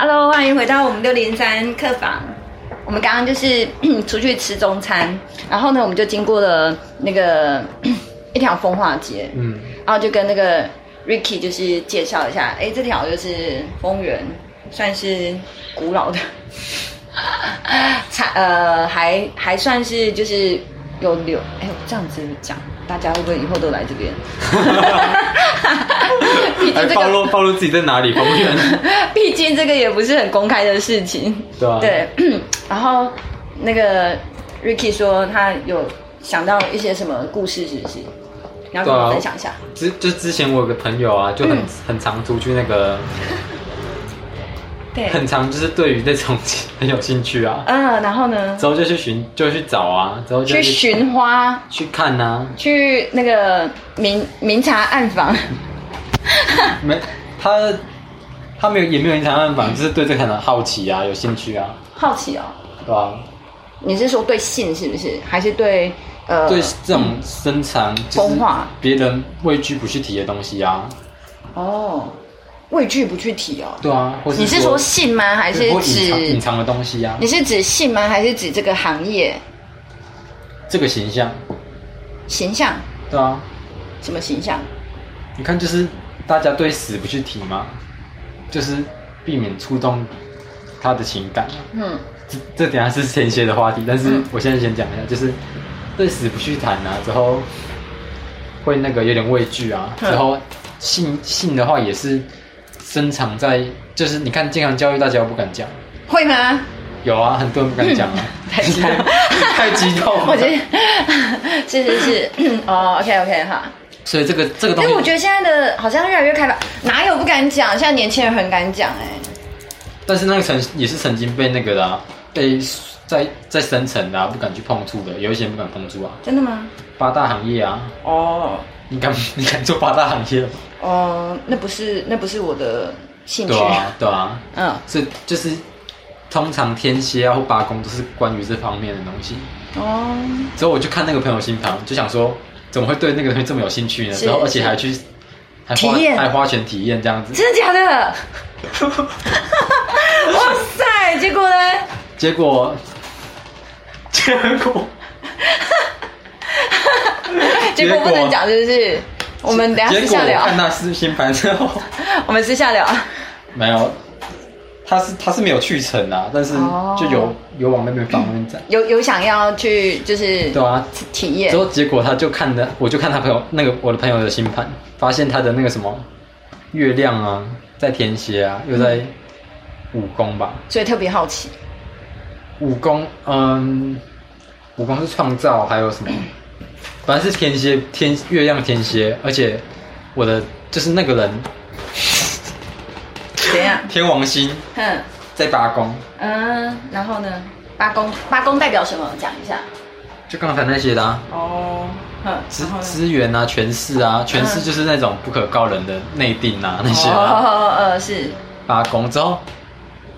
哈嘍，歡迎回到我們六零三客房。我們剛剛就是 出去吃中餐，然後呢，我們就經過了那個 一條風化街，嗯，然後就跟那個 Ricky 就是介紹一下，誒，這條就是風源， 算是古老的， 呃還還算是就是。有有，哎、欸、呦，這樣子講，大家會不會以後都來這邊？ 畢竟這個暴露暴露自己在哪裡， 畢竟這個也不是很公開的事情，是吧、啊？對。 然後那個 Ricky 說，他有想到一些什麼故事，是不是？啊、你要跟我分享一下？之就之前我有個朋友啊，就很、嗯、很常出去那個。 對，很常就是對於這種很有興趣啊，嗯、呃，然後呢，之後就去尋就會去找啊，之後就去尋花，去看啊，去那個明明察暗訪， 沒他他沒有也沒有明察暗訪、嗯，就是對這可能好奇啊，有興趣啊，好奇啊、哦，對吧、啊？你是說對性是不是？還是對呃對這種深藏風化別人畏懼不去提的東西啊？哦。畏懼不去提哦。對啊，或是你是說性嗎？還是指隱藏，藏的東西啊？你是指性嗎？還是指這個行業？這個形象。形象。對啊。什麼形象？你看，就是大家對死不去提嘛，就是避免觸動他的情感。嗯。這這等下是前些的話題，但是我現在先講一下、嗯，就是對死不去談啊，之後會那個有點畏懼啊，嗯、之後性性的話也是。深藏在，就是你看，經常教育大家我不敢講，會嗎？有啊，很多人不敢講啊，嗯、太激 太激動了。我覺得是是是 哦，OK OK 哈。所以這個這個東西，因為我覺得現在的好像越來越開放，哪有不敢講？現在年輕人很敢講哎、欸。但是那個曾也是曾經被那個的、啊，被在在深層的、啊、不敢去碰觸的，有一些人不敢碰觸啊。真的嗎？八大行業啊。哦、oh.。你敢你敢做八大行業？哦、嗯，那不是那不是我的興趣。對啊，對啊，嗯，是就是，通常天蠍啊或八宮都是關於這方面的東西。哦、嗯，之後我就看那個朋友心房，就想說，怎麼會對那個東西這麼有興趣呢？然後而且還去還花還花錢體驗這樣子，真的假的？ 哇塞！結果呢？結果，結果，結果不能講，是、就、不是？我們等下私下聊。結果我看那是星盤之後， 我們私下聊。沒有，他是他是沒有去成啊，但是就有、oh. 有往那邊方面邊走、嗯。有有想要去，就是對啊，體驗。之後結果他就看的，我就看他朋友那個我的朋友的星盤，發現他的那個什麼月亮啊，在天蠍啊，又在五宮吧，所以特別好奇。五宮。嗯，五宮是創造，還有什麼？ 反正是天蠍，天月亮天蠍。而且我的就是那個人， 天王星，哼，在八宮，嗯、呃，然後呢，八宮八宮代表什麼？講一下，就剛才那些的、啊、哦，嗯，資資源啊，權勢啊，權勢、啊、就是那種不可告人的內定啊，那些、啊、哦哦是八宮，之後，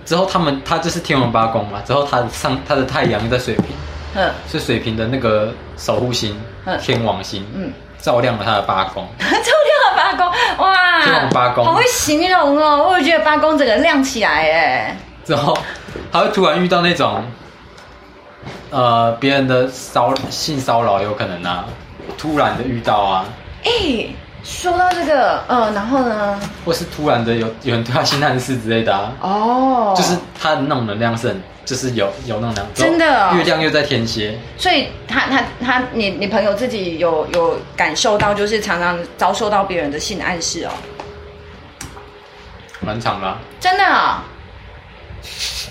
之後他們他就是天王八宮嘛、嗯，之後他的上他的太陽在水瓶，嗯，是水瓶的那個守護星。天王星，嗯，照亮了他的八宮， 照亮了八宮，哇，照亮八宮，好會形容哦，我覺得八宮整個亮起來欸。之後，他會突然遇到那種，呃，別人的騷性騷擾有可能啊，突然的遇到啊，誒、欸。說到這個，嗯，然後呢？或是突然的有有人對他性暗示之類的哦、啊，oh. 就是他的那種能量是很，就是有有那種能量，真的月亮又在天蠍，所以他他他，你你朋友自己有有感受到，就是常常遭受到別人的性的暗示哦，蠻長的、啊，真的啊，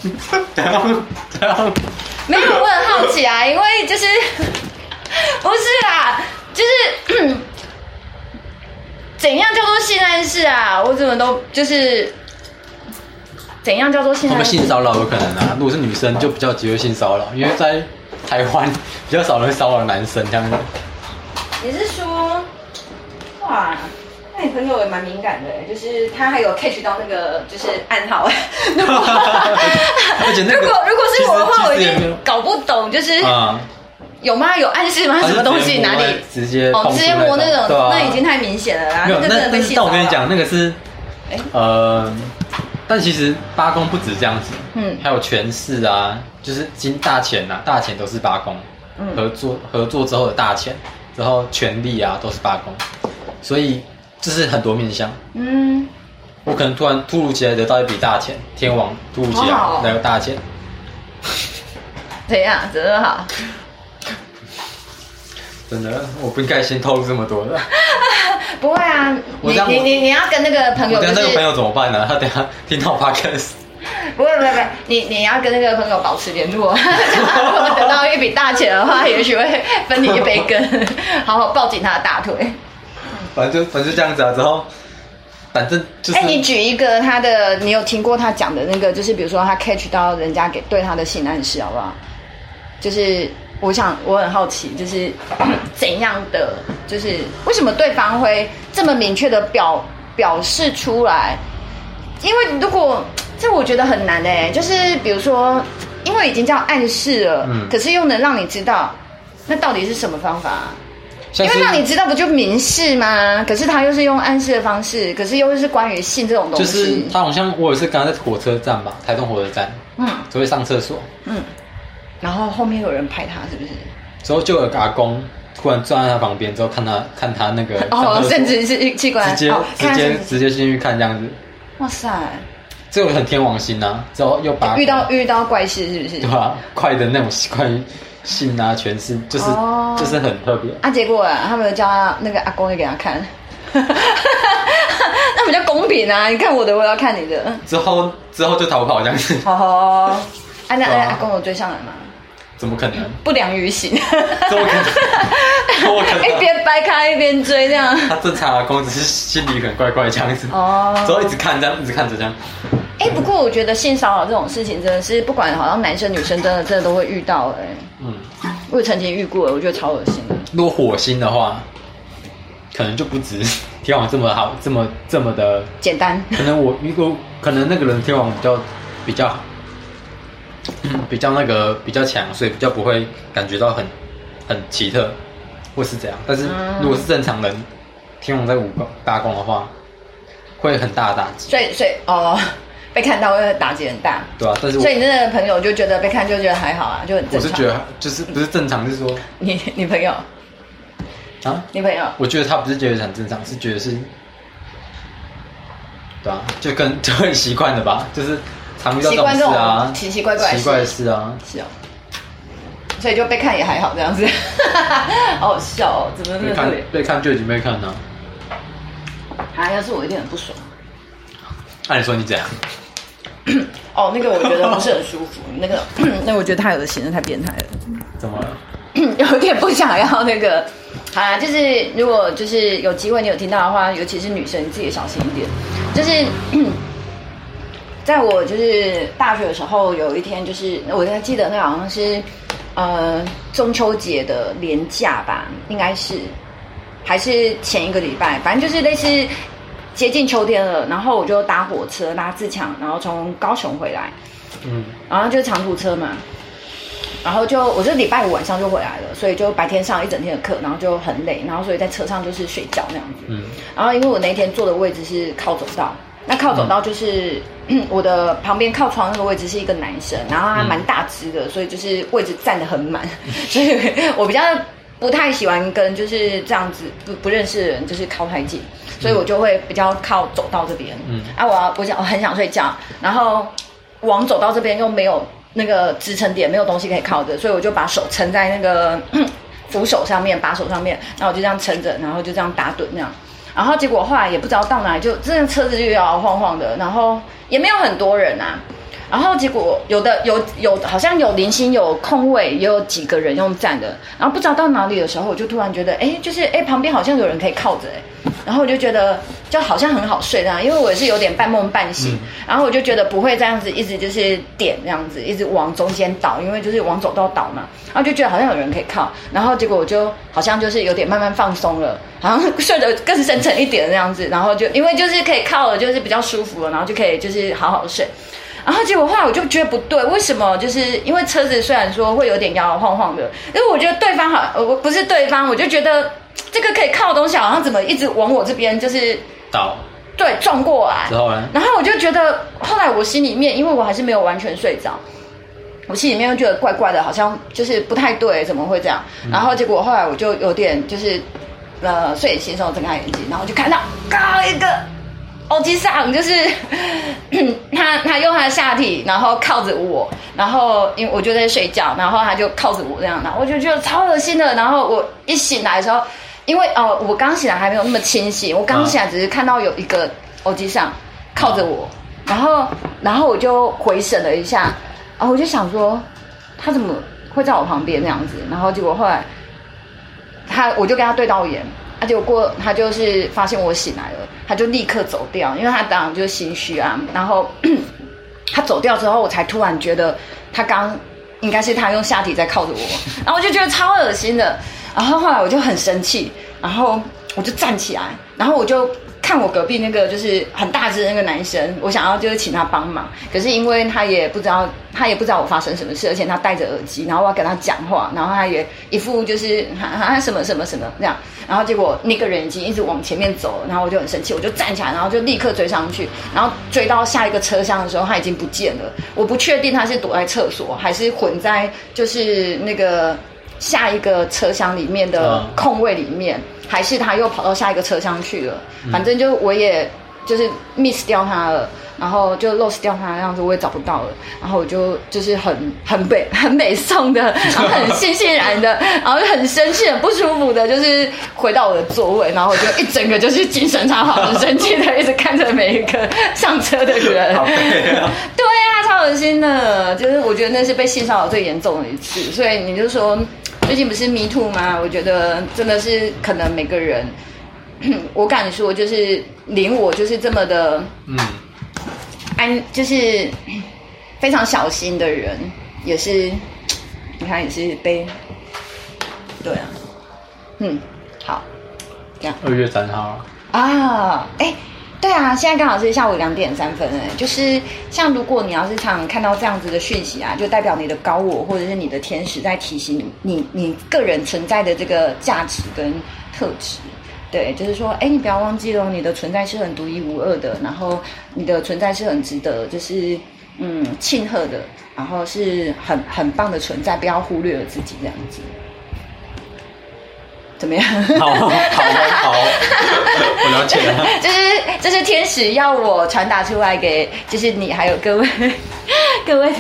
哦， 這樣這樣，沒有我很好奇啊，因為就是不是啊，就是。 怎樣叫做性暗示啊？我怎麼都就是怎樣叫做性暗示？他們性騷擾有可能啊？如果是女生，就比較覺得性騷擾，因為在台灣比較少人會騷擾男生這樣子。你是說，哇，那你朋友也蠻敏感的，就是他還有 catch 到那個就是暗號。 如果、， 那個、如果、如果是我的話，我就搞不懂，就是、嗯有嗎？有暗示嗎？什麼東西？哪裡？直接哦，直接摸那種、個那個啊，那已經太明顯了啦。沒有那那那真那但我跟你講，那個是、欸……呃，但其實八宮不止這樣子，嗯，還有權勢啊，就是金大錢吶、啊，大錢都是八宮、嗯、合作合作之後的大錢，然後權力啊都是八宮。所以這是很多面向，嗯，我可能突然突如其來得到一筆大錢，天王、嗯、突如其來來、哦哦、 個大錢，誰呀？真的好。真的，我不應該先透露這麼多的。 不會啊，你你你，你要跟那個朋友、就是。跟那個朋友怎麼辦呢、啊？他等下聽到我怕開始。不會，不會，你你要跟那個朋友保持聯絡。 如果得到一筆大錢的話， 也許會分你一杯羹， 好好抱緊他的大腿。反正就反正就這樣子啊，之後反正就是。哎、欸，你舉一個他的， 你有聽過他講的那個，就是比如說他 catch 到人家給對他的性暗示，好不好？就是。我想，我很好奇，就是咳咳怎樣的，就是為什麼對方會這麼明確的表表示出來？因為如果這我覺得很難哎，就是比如說，因為已經叫暗示了，嗯，可是又能讓你知道，那到底是什麼方法？因為讓你知道不就明示嗎？可是他又是用暗示的方式，可是又，又是關於性這種東西。就是他好像我也是剛剛在火車站吧，台中火車站，嗯，準備上廁所，嗯。嗯然後後面有人拍他，是不是？之後就有個阿公突然站在他旁邊，之後看他看他那個哦，甚至是一氣過直接、哦、直接看看是是直接進去看這樣子。哇塞！這種很天王星吶，之後又把他他遇到遇到怪事是不是？對啊，快的那種習慣性吶、啊，全是就是、哦、就是很特別啊。結果、啊、他們就叫他那個阿公也給他看， 那比較公平啊。你看我的，我要看你的。之後之後就逃跑這樣子。好好哦哦哎、啊、那哎 阿公有追上來嗎？怎麼可能？不良於行 怎，怎麼可能？欸、一邊掰開一邊追這樣，他正常的公只是心裡很怪怪這樣子哦，oh. 然後一直看這樣，一直看着這樣。哎、欸嗯，不過我覺得性騷擾這種事情真的是不管好像男生女生真的真的都會遇到哎、欸。嗯，我也曾經遇過了，我覺得超噁心的。如果火星的話，可能就不止天王這麼好這麼這麼的簡單。可能我如果可能那個人天王比較比較嗯、比較那個比較強，所以比較不會感覺到很很奇特或是怎樣。但是如果是正常人，嗯、天王在五宮八宮的話，會很大的打擊。所以所以哦，被看到會打擊很大。對啊，但是所以你真的朋友就覺得被看就覺得還好啊，就很正常。我是覺得就是不是正常，是說、嗯、你女朋友啊，女朋友，我覺得他不是覺得很正常，是覺得是對啊，就跟就很習慣的吧，就是。習慣、啊、這種奇奇怪怪、奇怪的事啊，是啊，哦，所以就被看也還好這樣子，好好笑哦，哦！怎麼被被看就已經被看呢？啊，要是我一定很不爽。那、啊、你說你怎樣？哦，那個我覺得不是很舒服。 那個，那個、我覺得他有的行為太變態了。怎麼了？有點不想要那個。啊，就是如果就是有機會你有聽到的話，尤其是女生，你自己也小心一點。就是。在我就是大學的時候，有一天就是，我還記得那好像是，呃，中秋節的連假吧，應該是，還是前一個禮拜，反正就是類似接近秋天了。然後我就搭火車拉自強，然後從高雄回來，嗯，然後就是長途車嘛，然後就我就禮拜五晚上就回來了，所以就白天上一整天的課，然後就很累，然後所以在車上就是睡覺那樣子，嗯，然後因為我那天坐的位置是靠走道。那靠走道就是我的旁邊靠窗那個位置是一個男生，然後他蠻大只的，所以就是位置占的很滿，所以我比較不太喜歡跟就是這樣子不不認識的人就是靠太近，所以我就會比較靠走道這邊。嗯，啊，我要我想我很想睡覺，然後往走道這邊又沒有那個支撐點，沒有東西可以靠着，所以我就把手撐在那個扶手上面、把手上面，那我就這樣撐着，然後就這樣打盹那樣。然後結果後來也不知道到哪裡就，就這樣、個、車子就搖搖晃晃的，然後也沒有很多人啊。然後結果有的有有好像有零星有空位，也有幾個人用站的。然後不知道到哪裡的時候，我就突然覺得，哎，就是哎旁邊好像有人可以靠着哎、欸。然後我就覺得就好像很好睡這樣，因為我也是有點半夢半醒、嗯。然後我就覺得不會這樣子一直就是點這樣子，一直往中間倒，因為就是往走道倒嘛。然後就覺得好像有人可以靠。然後結果我就好像就是有點慢慢放鬆了，好像睡得更深沉一點那樣子。然後就因為就是可以靠了，就是比較舒服了，然後就可以就是好好睡。然後結果後來我就覺得不對，為什麼？就是因為車子雖然說會有點搖搖晃晃的，因為我覺得對方好，我不是對方，我就覺得。這個可以靠的東西好像怎麼一直往我這邊就是倒，對撞過來。之後呢？然後我就覺得，後來我心裡面，因為我還是沒有完全睡着，我心裡面又覺得怪怪的，好像就是不太對，怎麼會這樣？嗯、然後結果後來我就有點就是呃，睡眼惺忪，睜開眼睛，然後就看到高一個。歐吉桑就是他，他用他的下體，然後靠着我，然後因為我就在睡覺，然後他就靠着我這樣，然後我就覺得超噁心的。然後我一醒來的時候，因為哦，我剛醒來還沒有那麼清醒，我剛醒來只是看到有一個歐吉桑靠着我，啊、然後然後我就回神了一下，然後、哦、我就想說他怎麼會在我旁邊那樣子，然後結果後來他我就跟他對到眼。他就過，他就是發現我醒來了，他就立刻走掉，因為他當然就心虛啊。然後 他走掉之後，我才突然覺得他剛應該是他用下體在靠着我，然後我就覺得超噁心的。然後後來我就很生氣，然後我就站起來，然後我就。像我隔壁那個就是很大隻的那個男生，我想要就是請他幫忙，可是因為他也不知道，他也不知道我發生什麼事，而且他戴着耳機，然後我要跟他講話，然後他也一副就是哈哈什麼什麼什麼這樣，然後結果那個人已經一直往前面走，然後我就很生氣，我就站起來，然後就立刻追上去，然後追到下一個車廂的時候，他已經不見了，我不確定他是躲在廁所，還是混在就是那個下一個車廂裡面的空位裡面。還是他又跑到下一個車廂去了、嗯，反正就我也就是 miss 掉他了，然後就 lose 掉他那樣子，我也找不到了、嗯。然後我就就是很很悲、很悲痛的，然後很欣欣然的， 然後就很生氣、很不舒服的，就是回到我的座位，然後我就一整個就是精神超好、很生氣的，一直看着每一個上車的人。 黑啊 對啊，超噁心的，就是我覺得那是被性騷擾最嚴重的一次，所以你就說。最近不是 MeToo 嗎？我覺得真的是可能每個人，我敢說，就是連我就是這麼的，嗯，安就是非常小心的人，也是你看也是被，對啊，嗯，好，這樣二月三號啊，哎、啊。欸對啊，現在剛好是下午兩點三分，哎，就是像如果你要是常常看到這樣子的訊息啊，就代表你的高我或者是你的天使在提醒你，你，你個人存在的這個價值跟特質，對，就是說，哎，你不要忘記哦，你的存在是很獨一無二的，然後你的存在是很值得，就是嗯慶賀的，然後是很很棒的存在，不要忽略了自己這樣子。怎麼樣？好，好，好，好 我了解了。就是，就是天使要我傳達出來給，就是你還有各位，各位，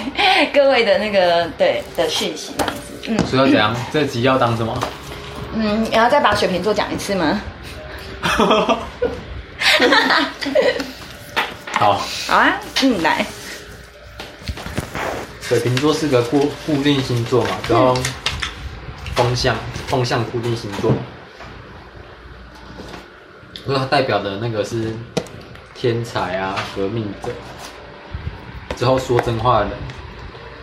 各位的那個對的訊息，這樣子。嗯。所以要怎樣、嗯、這集要當什麼？嗯，然後再把水瓶座講一次嗎？ 好。好啊，嗯，來。水瓶座是個固固定星座嘛，然後。嗯風向，風向固定星座，不是它代表的那個是天才啊，革命者，之後說真話的人，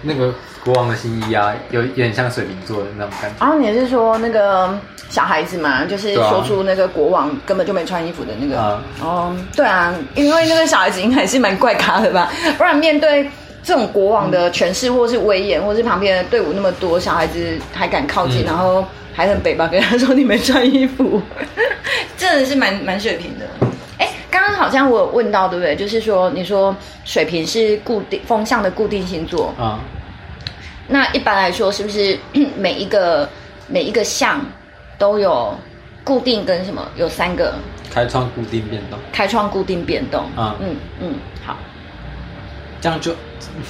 那個國王的新衣啊，有一點像水瓶座的那種感覺。然、啊、後你是說那個小孩子嘛，就是說出那個國王根本就沒穿衣服的那個？哦、啊，oh, 對啊，因為那個小孩子應該是蠻怪咖的吧，不然面對。這種國王的權勢，或是威嚴，或是旁邊的隊伍那麼多，小孩子還敢靠近，嗯、然後還很北巴跟他說你沒穿衣服， 真的是蠻蠻水瓶的。哎，剛剛好像我有問到對不對？就是說，你說水瓶是固定風向的固定星座啊、嗯？那一般來說是不是每一個每一個象都有固定跟什麼？有三個？開創固定變動，開創固定變動。嗯嗯，嗯，好。這樣就，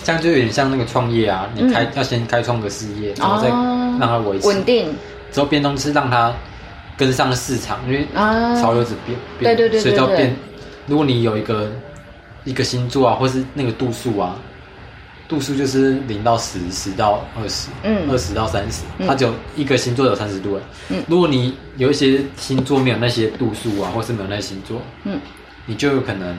這樣就有點像那個創業啊，你開、嗯、要先開創個事業，然後再讓它維持穩、啊、定，之後變動是讓它跟上市場，因為啊，潮流一直變，對對對，對，對，對，所以叫變。如果你有一個一個星座啊，或是那個度數啊，度數就是零到十，十到二十，嗯，二十到三十，它只有一個星座有三十度了嗯，如果你有一些星座沒有那些度數啊，或是沒有那些星座、嗯，你就有可能。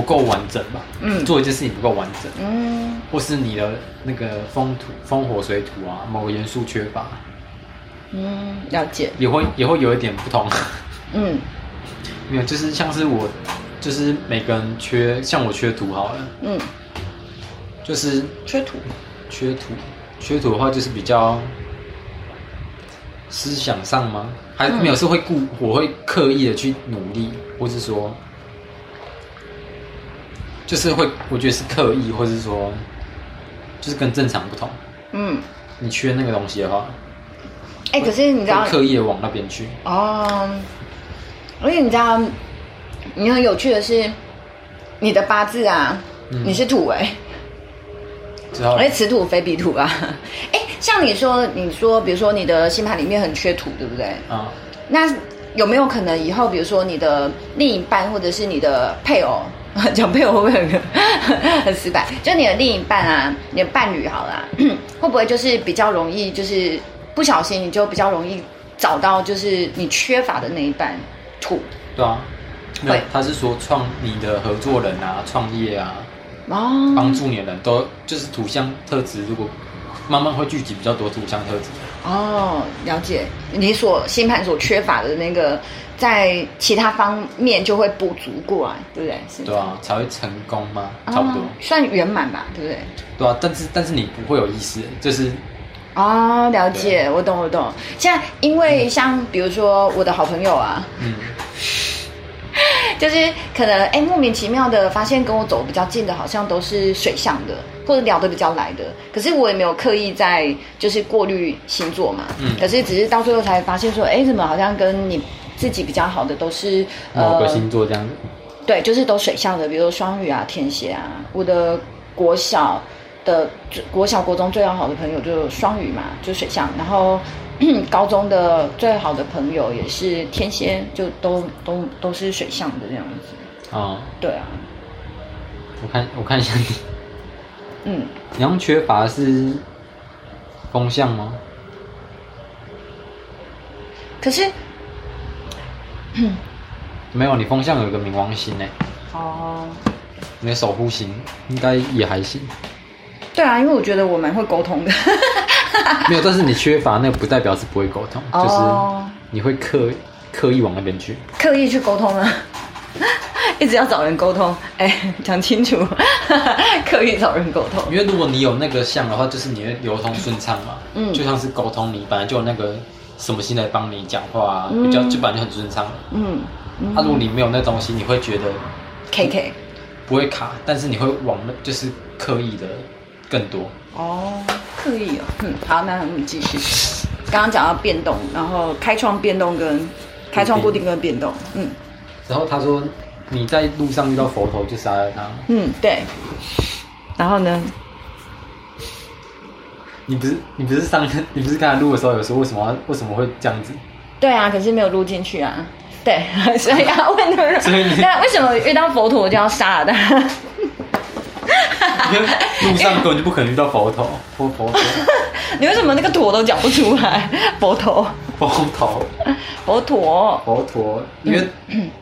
不夠完整吧？嗯，做一件事情不夠完整，嗯，或是你的那個風土、風火、水土啊，某個元素缺乏，嗯，了解，也會也會有一點不同，嗯， 沒有，就是像是我，就是每個人缺，像我缺土好了，嗯，就是缺土，缺土，缺土的話就是比較思想上嗎？還沒有是會故、嗯、我會刻意的去努力，或是說。就是會，我覺得是刻意，或者是說，就是跟正常不同。嗯，你缺那個東西的話，哎、欸，可是你知道刻意地往那邊去哦。而且你知道，你很有趣的是，你的八字啊，嗯、你是土哎、欸，哎，此土非彼土啊。哎、 欸，像你說，你說，比如說你的星盤裡面很缺土，對不對？啊、嗯，那有沒有可能以後，比如說你的另一半或者是你的配偶？講朋友會不會很很失敗？就你的另一半啊，你的伴侶好啦、啊，會不會就是比較容易，就是不小心你就比較容易找到，就是你缺乏的那一半土？對啊，對。他是說創你的合作人啊，創業啊，哦，幫助你的人都就是土象特質，如果慢慢會聚集比較多土象特質。哦，了解。你所星盤所缺乏的那個。在其他方面就會補足過來，對不對是不是？對啊，才會成功嘛。嗯、差不多，算圓滿吧，對不對？對啊，但是但是你不會有意思，就是啊。了解，我懂我懂。我懂現在，因為像比如說我的好朋友啊，嗯， 就是可能哎、欸、莫名其妙的發現跟我走得比較近的，好像都是水象的，或者聊得比較來的。可是我也沒有刻意在就是過濾星座嘛，嗯。可是只是到最後才發現說，哎、欸，怎麼好像跟你。自己比較好的都是哪個星座這樣子、呃？對，就是都水象的，比如雙魚啊、天蠍啊。我的國小的國小國中最要好的朋友就雙魚嘛，就水象。然後 高中的最好的朋友也是天蠍，就都都都是水象的這樣子。哦，對啊。我看我看一下你。 嗯，羊缺乏是風象嗎？可是。嗯，沒有，你風象有一個冥王星呢。哦、oh.，你的守護星應該也還行。對啊，因為我覺得我蠻會溝通的。 沒有，但是你缺乏那個，不代表是不會溝通，oh. 就是你會刻意刻意往那邊去，刻意去溝通啊， 一直要找人溝通，哎，講清楚， 刻意找人溝通。因為如果你有那個象的話，就是你會流通順暢嘛，嗯，就像是溝通你，你本來就有那個。什麼心來幫你講話啊、嗯？比較就感覺很順暢、嗯。嗯，他如果你沒有那東西，嗯、你會覺得，K K，、嗯、不會卡，但是你會往就是刻意的更多。哦，刻意哦，嗯，好，那我們繼續。剛剛講到變動，然後開創變動跟開創固定跟變動，嗯。然後他說你在路上遇到佛頭就殺了他。嗯，對。然後呢？你不是你不是上你不是剛才錄的時候，有時候為什麼為什麼會這樣子？對啊，可是沒有錄進去啊。對，所以要、啊、問。 所以那、啊、為什麼遇到佛陀就要殺了他？ 因為路上根本就不可能遇到佛陀。佛陀佛你為什麼那個陀都講不出來？佛陀，佛陀，佛陀，佛陀，因為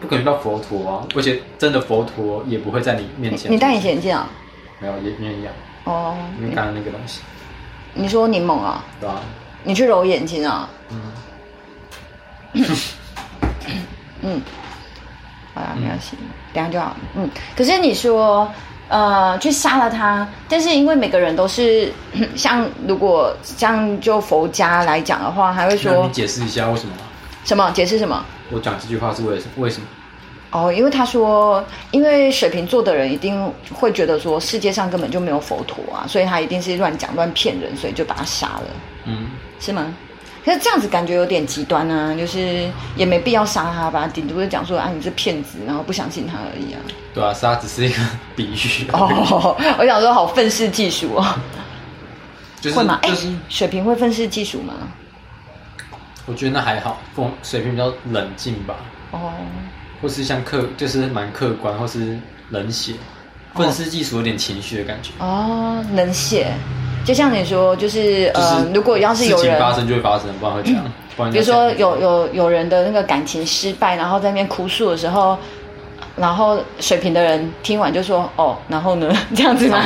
不可能遇到佛陀啊！嗯、而且真的佛陀也不會在你面前。你戴隱形眼鏡啊、哦？沒有，也一樣。哦、oh.，因為剛剛那個東西。你說檸檬啊？對啊，你去揉眼睛啊？嗯， 嗯，好啦，沒關係、嗯，等下就好了。嗯，可是你說，呃，去殺了他，但是因為每個人都是，像如果像就佛家來講的話，還會說，你解釋一下為什麼？什麼？解釋什麼？我講這句話是為什麼？為什麼？哦，因為他說，因為水瓶座的人一定會覺得說世界上根本就沒有佛陀啊，所以他一定是亂講亂騙人，所以就把他殺了。嗯，是嗎？可是這樣子感覺有點極端啊，就是也沒必要殺他吧，頂多是講說啊，你是騙子，然後不相信他而已啊。對啊，殺只是一個比喻。哦，我想說好憤世嫉俗，哦，好憤世嫉俗哦。會嗎？就是，水瓶會憤世嫉俗嗎？我覺得那還好風，水瓶比較冷靜吧。哦。或是像客，就是蠻客觀，或是冷血，憤、哦、世嫉俗有點情緒的感覺。哦，冷血，就像你說，就是、就是、呃，如果要是有人事情發生就會發生，不然會這樣、嗯、樣？比如說有有有人的那個感情失敗，然後在那邊哭訴的時候，然後水瓶的人聽完就說：“哦，然後呢，這樣子嗎？”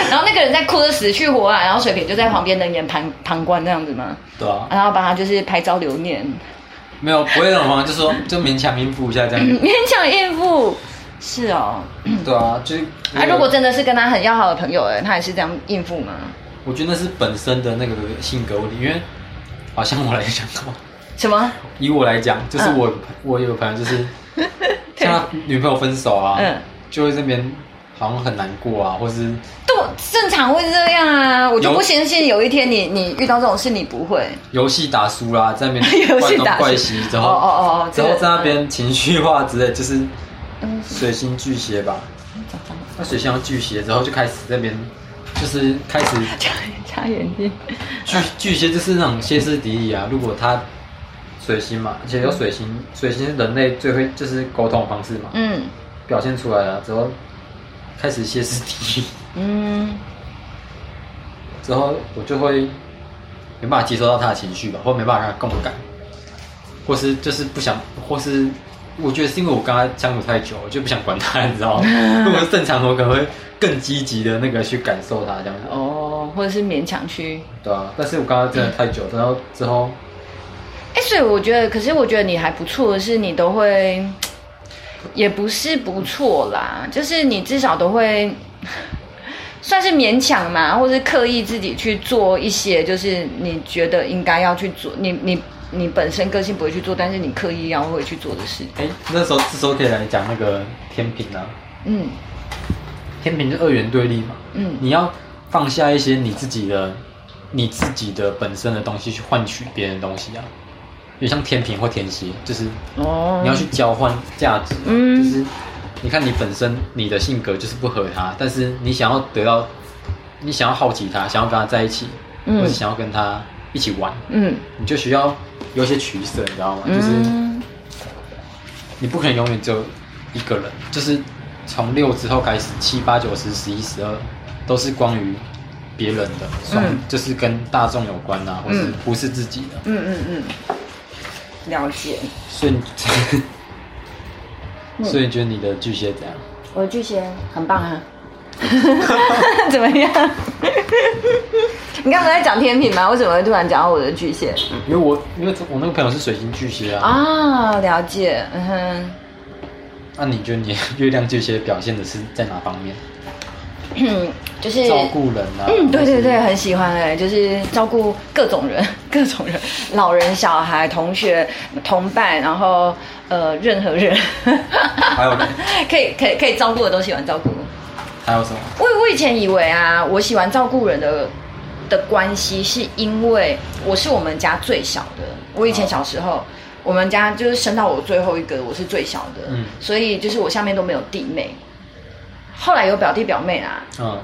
然後那個人在哭的死去活來、啊，然後水瓶就在旁邊冷眼旁旁觀那樣子嗎？對啊，然後把他就是拍照留念。沒有，不會那種就說就勉強應付一下這樣、嗯。勉強應付，是哦。 對啊，就是。他、啊、如果真的是跟他很要好的朋友、欸，他也是這樣應付嗎？我覺得那是本身的那個性格問題，因為，好像我來講的話，什麼？以我來講，就是我、嗯、我有個朋友，就是，像他女朋友分手啊，嗯，就會這邊。好像很難過啊，或是都正常會這樣啊，我就不相信有一天你你遇到這種事你不會遊戲打輸啦、啊，在那邊遊戲打輸，然後哦哦哦，然後在那邊情緒化之類，就是水星巨蟹吧。那、嗯嗯嗯嗯嗯、水星要巨蟹之後就開始在那邊，就是開始擦眼擦眼睛。巨巨蟹就是那種歇斯底里啊，如果他水星嘛，而且有水星，水星人類最會就是溝通方式嘛，嗯，表現出來了之後。開始歇斯底里，嗯，之後我就會沒辦法接收到他的情緒吧，或沒辦法跟他共感，或是就是不想，或是我覺得是因為我跟他相處太久，我就不想管他，你知道 如果是正常，我可能會更積極的那個去感受他這樣子哦，或者是勉強去，對啊，但是我剛剛真的太久，然、嗯、後之後、欸，所以我覺得，可是我覺得你還不錯的是你都會。也不是不錯啦，就是你至少都會算是勉強嘛，或者刻意自己去做一些，就是你覺得應該要去做，你你你本身個性不會去做，但是你刻意要會去做的事。哎，那時候這時候可以來講那個天秤啊，嗯，天秤是二元對立嘛，嗯，你要放下一些你自己的你自己的本身的東西，去換取別人的東西啊。比如像天平或天蠍，就是哦，你要去交換價值啊，嗯，就是你看你本身你的性格就是不合他，但是你想要得到，你想要好奇他，想要跟他在一起，嗯，或是想要跟他一起玩，嗯，你就需要有些取捨，你知道嗎？就是你不可能永遠只有一個人，就是從六之後開始，七八九十十一十二都是關於別人的，雙，嗯，就是跟大眾有關啊，或是不是自己的，嗯嗯嗯。嗯了解，所以所以你覺得你的巨蟹怎樣？嗯、我的巨蟹很棒啊！ 怎麼樣？你剛剛在講天秤嗎？為什我怎麼會突然講到我的巨蟹？因為我因為我那個朋友是水星巨蟹啊！啊，了解，嗯哼。那、啊、你覺得你月亮巨蟹表現的是在哪方面？嗯， 就是照顧人啊，嗯，對對對，很喜歡哎、欸，就是照顧各種人，各種人，老人、小孩、同學、同伴，然後呃，任何人，還 有可以可以可以照顧的都喜歡照顧，還有什麼？我我以前以為啊，我喜歡照顧人的的關係，是因為我是我們家最小的。我以前小時候，哦、我們家就是生到我最後一個，我是最小的，嗯，所以就是我下面都沒有弟妹。後來有表弟表妹啦、啊，嗯、哦，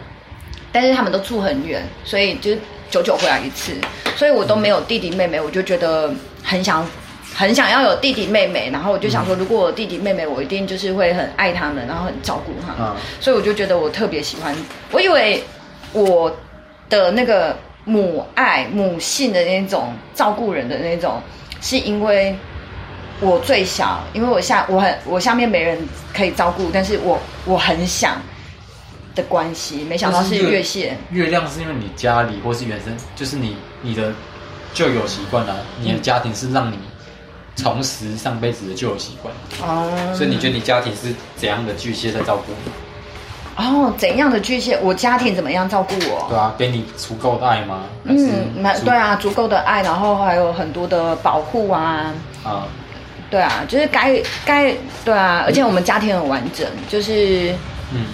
但是他們都住很遠，所以就久久回來一次，所以我都沒有弟弟妹妹，我就覺得很想很想要有弟弟妹妹，然後我就想說，如果我有弟弟妹妹，我一定就是會很愛他們，然後很照顧他們、哦，所以我就覺得我特別喜歡，我以為我的那個母愛母性的那種照顧人的那種，是因為。我最小，因為我下我很我下面沒人可以照顧，但是我我很想的關係，沒想到是月線。月亮是因為你家裡或是原生，就是你你的舊有習慣了、啊嗯，你的家庭是讓你重拾上輩子的舊有習慣哦、嗯。所以你覺得你家庭是怎樣的巨蟹在照顧你？哦，怎樣的巨蟹？我家庭怎麼樣照顧我？對啊，給你足夠的愛嗎？嗯，那對啊，足夠的愛，然後還有很多的保護啊。啊、嗯。對啊，就是該該對啊，而且我們家庭很完整，就是嗯，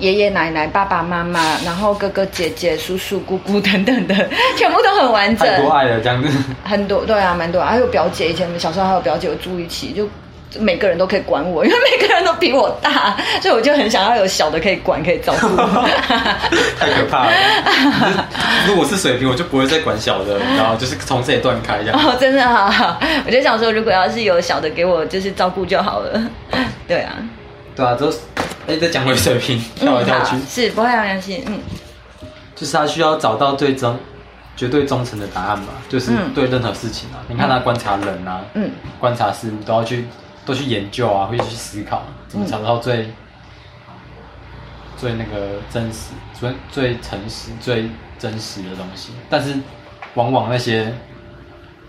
爺、嗯、爺爺奶奶、爸爸媽媽，然後哥哥姐姐、叔叔姑姑等等的，全部都很完整。很多愛了，這樣子。很多對啊，蠻多。還有表姐，以前你們小時候還有表姐，有住一起就。每個人都可以管我，因為每個人都比我大，所以我就很想要有小的可以管，可以照顧。 太可怕了！如果是水瓶，我就不會再管小的，然後就是從這裡斷開這樣。Oh, 真的哈，我就想說，如果要是有小的給我就是照顧就好了。對啊，對啊，都哎、欸，再講回水瓶，嗯、跳來跳下去是不會啊，良心。嗯，就是他需要找到最終絕對忠誠的答案嘛，就是對任何事情啊，嗯、你看他觀察人啊，嗯，觀察事物都要去。都去研究啊，會去思考怎麼找到最、嗯、最那個真實、最最誠實、最真實的東西。但是，往往那些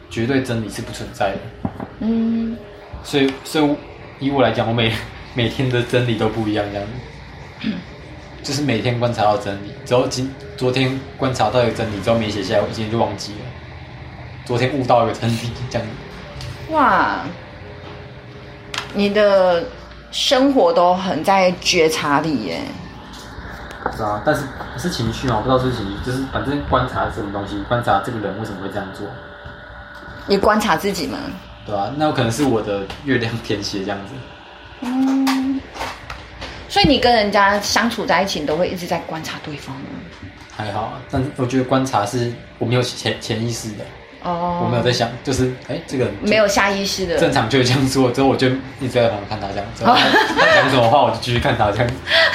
絕對真理是不存在的。嗯。所以，所以我以我來講，我每每天的真理都不一樣，這樣，一樣 就是每天觀察到真理，只有今昨天觀察到一個真理，之後沒寫下來，我今天就忘記了。昨天悟到一個真理，這樣。哇。你的生活都很在覺察裡耶，是啊，但是是情緒啊，我不知道是情緒，就是反正觀察什麼東西，觀察這個人為什麼會這樣做。你觀察自己嗎？對啊，那有可能是我的月亮天蠍這樣子。嗯，所以你跟人家相處在一起，你都會一直在觀察對方嗎？還好，但是我覺得觀察是我沒有潛潛意識的。哦、oh,，我沒有在想，就是哎，這個沒有下意識的，正常就會這樣做。之後我就一直在旁邊看他講，oh. 什麼話，我就繼續看他這樣，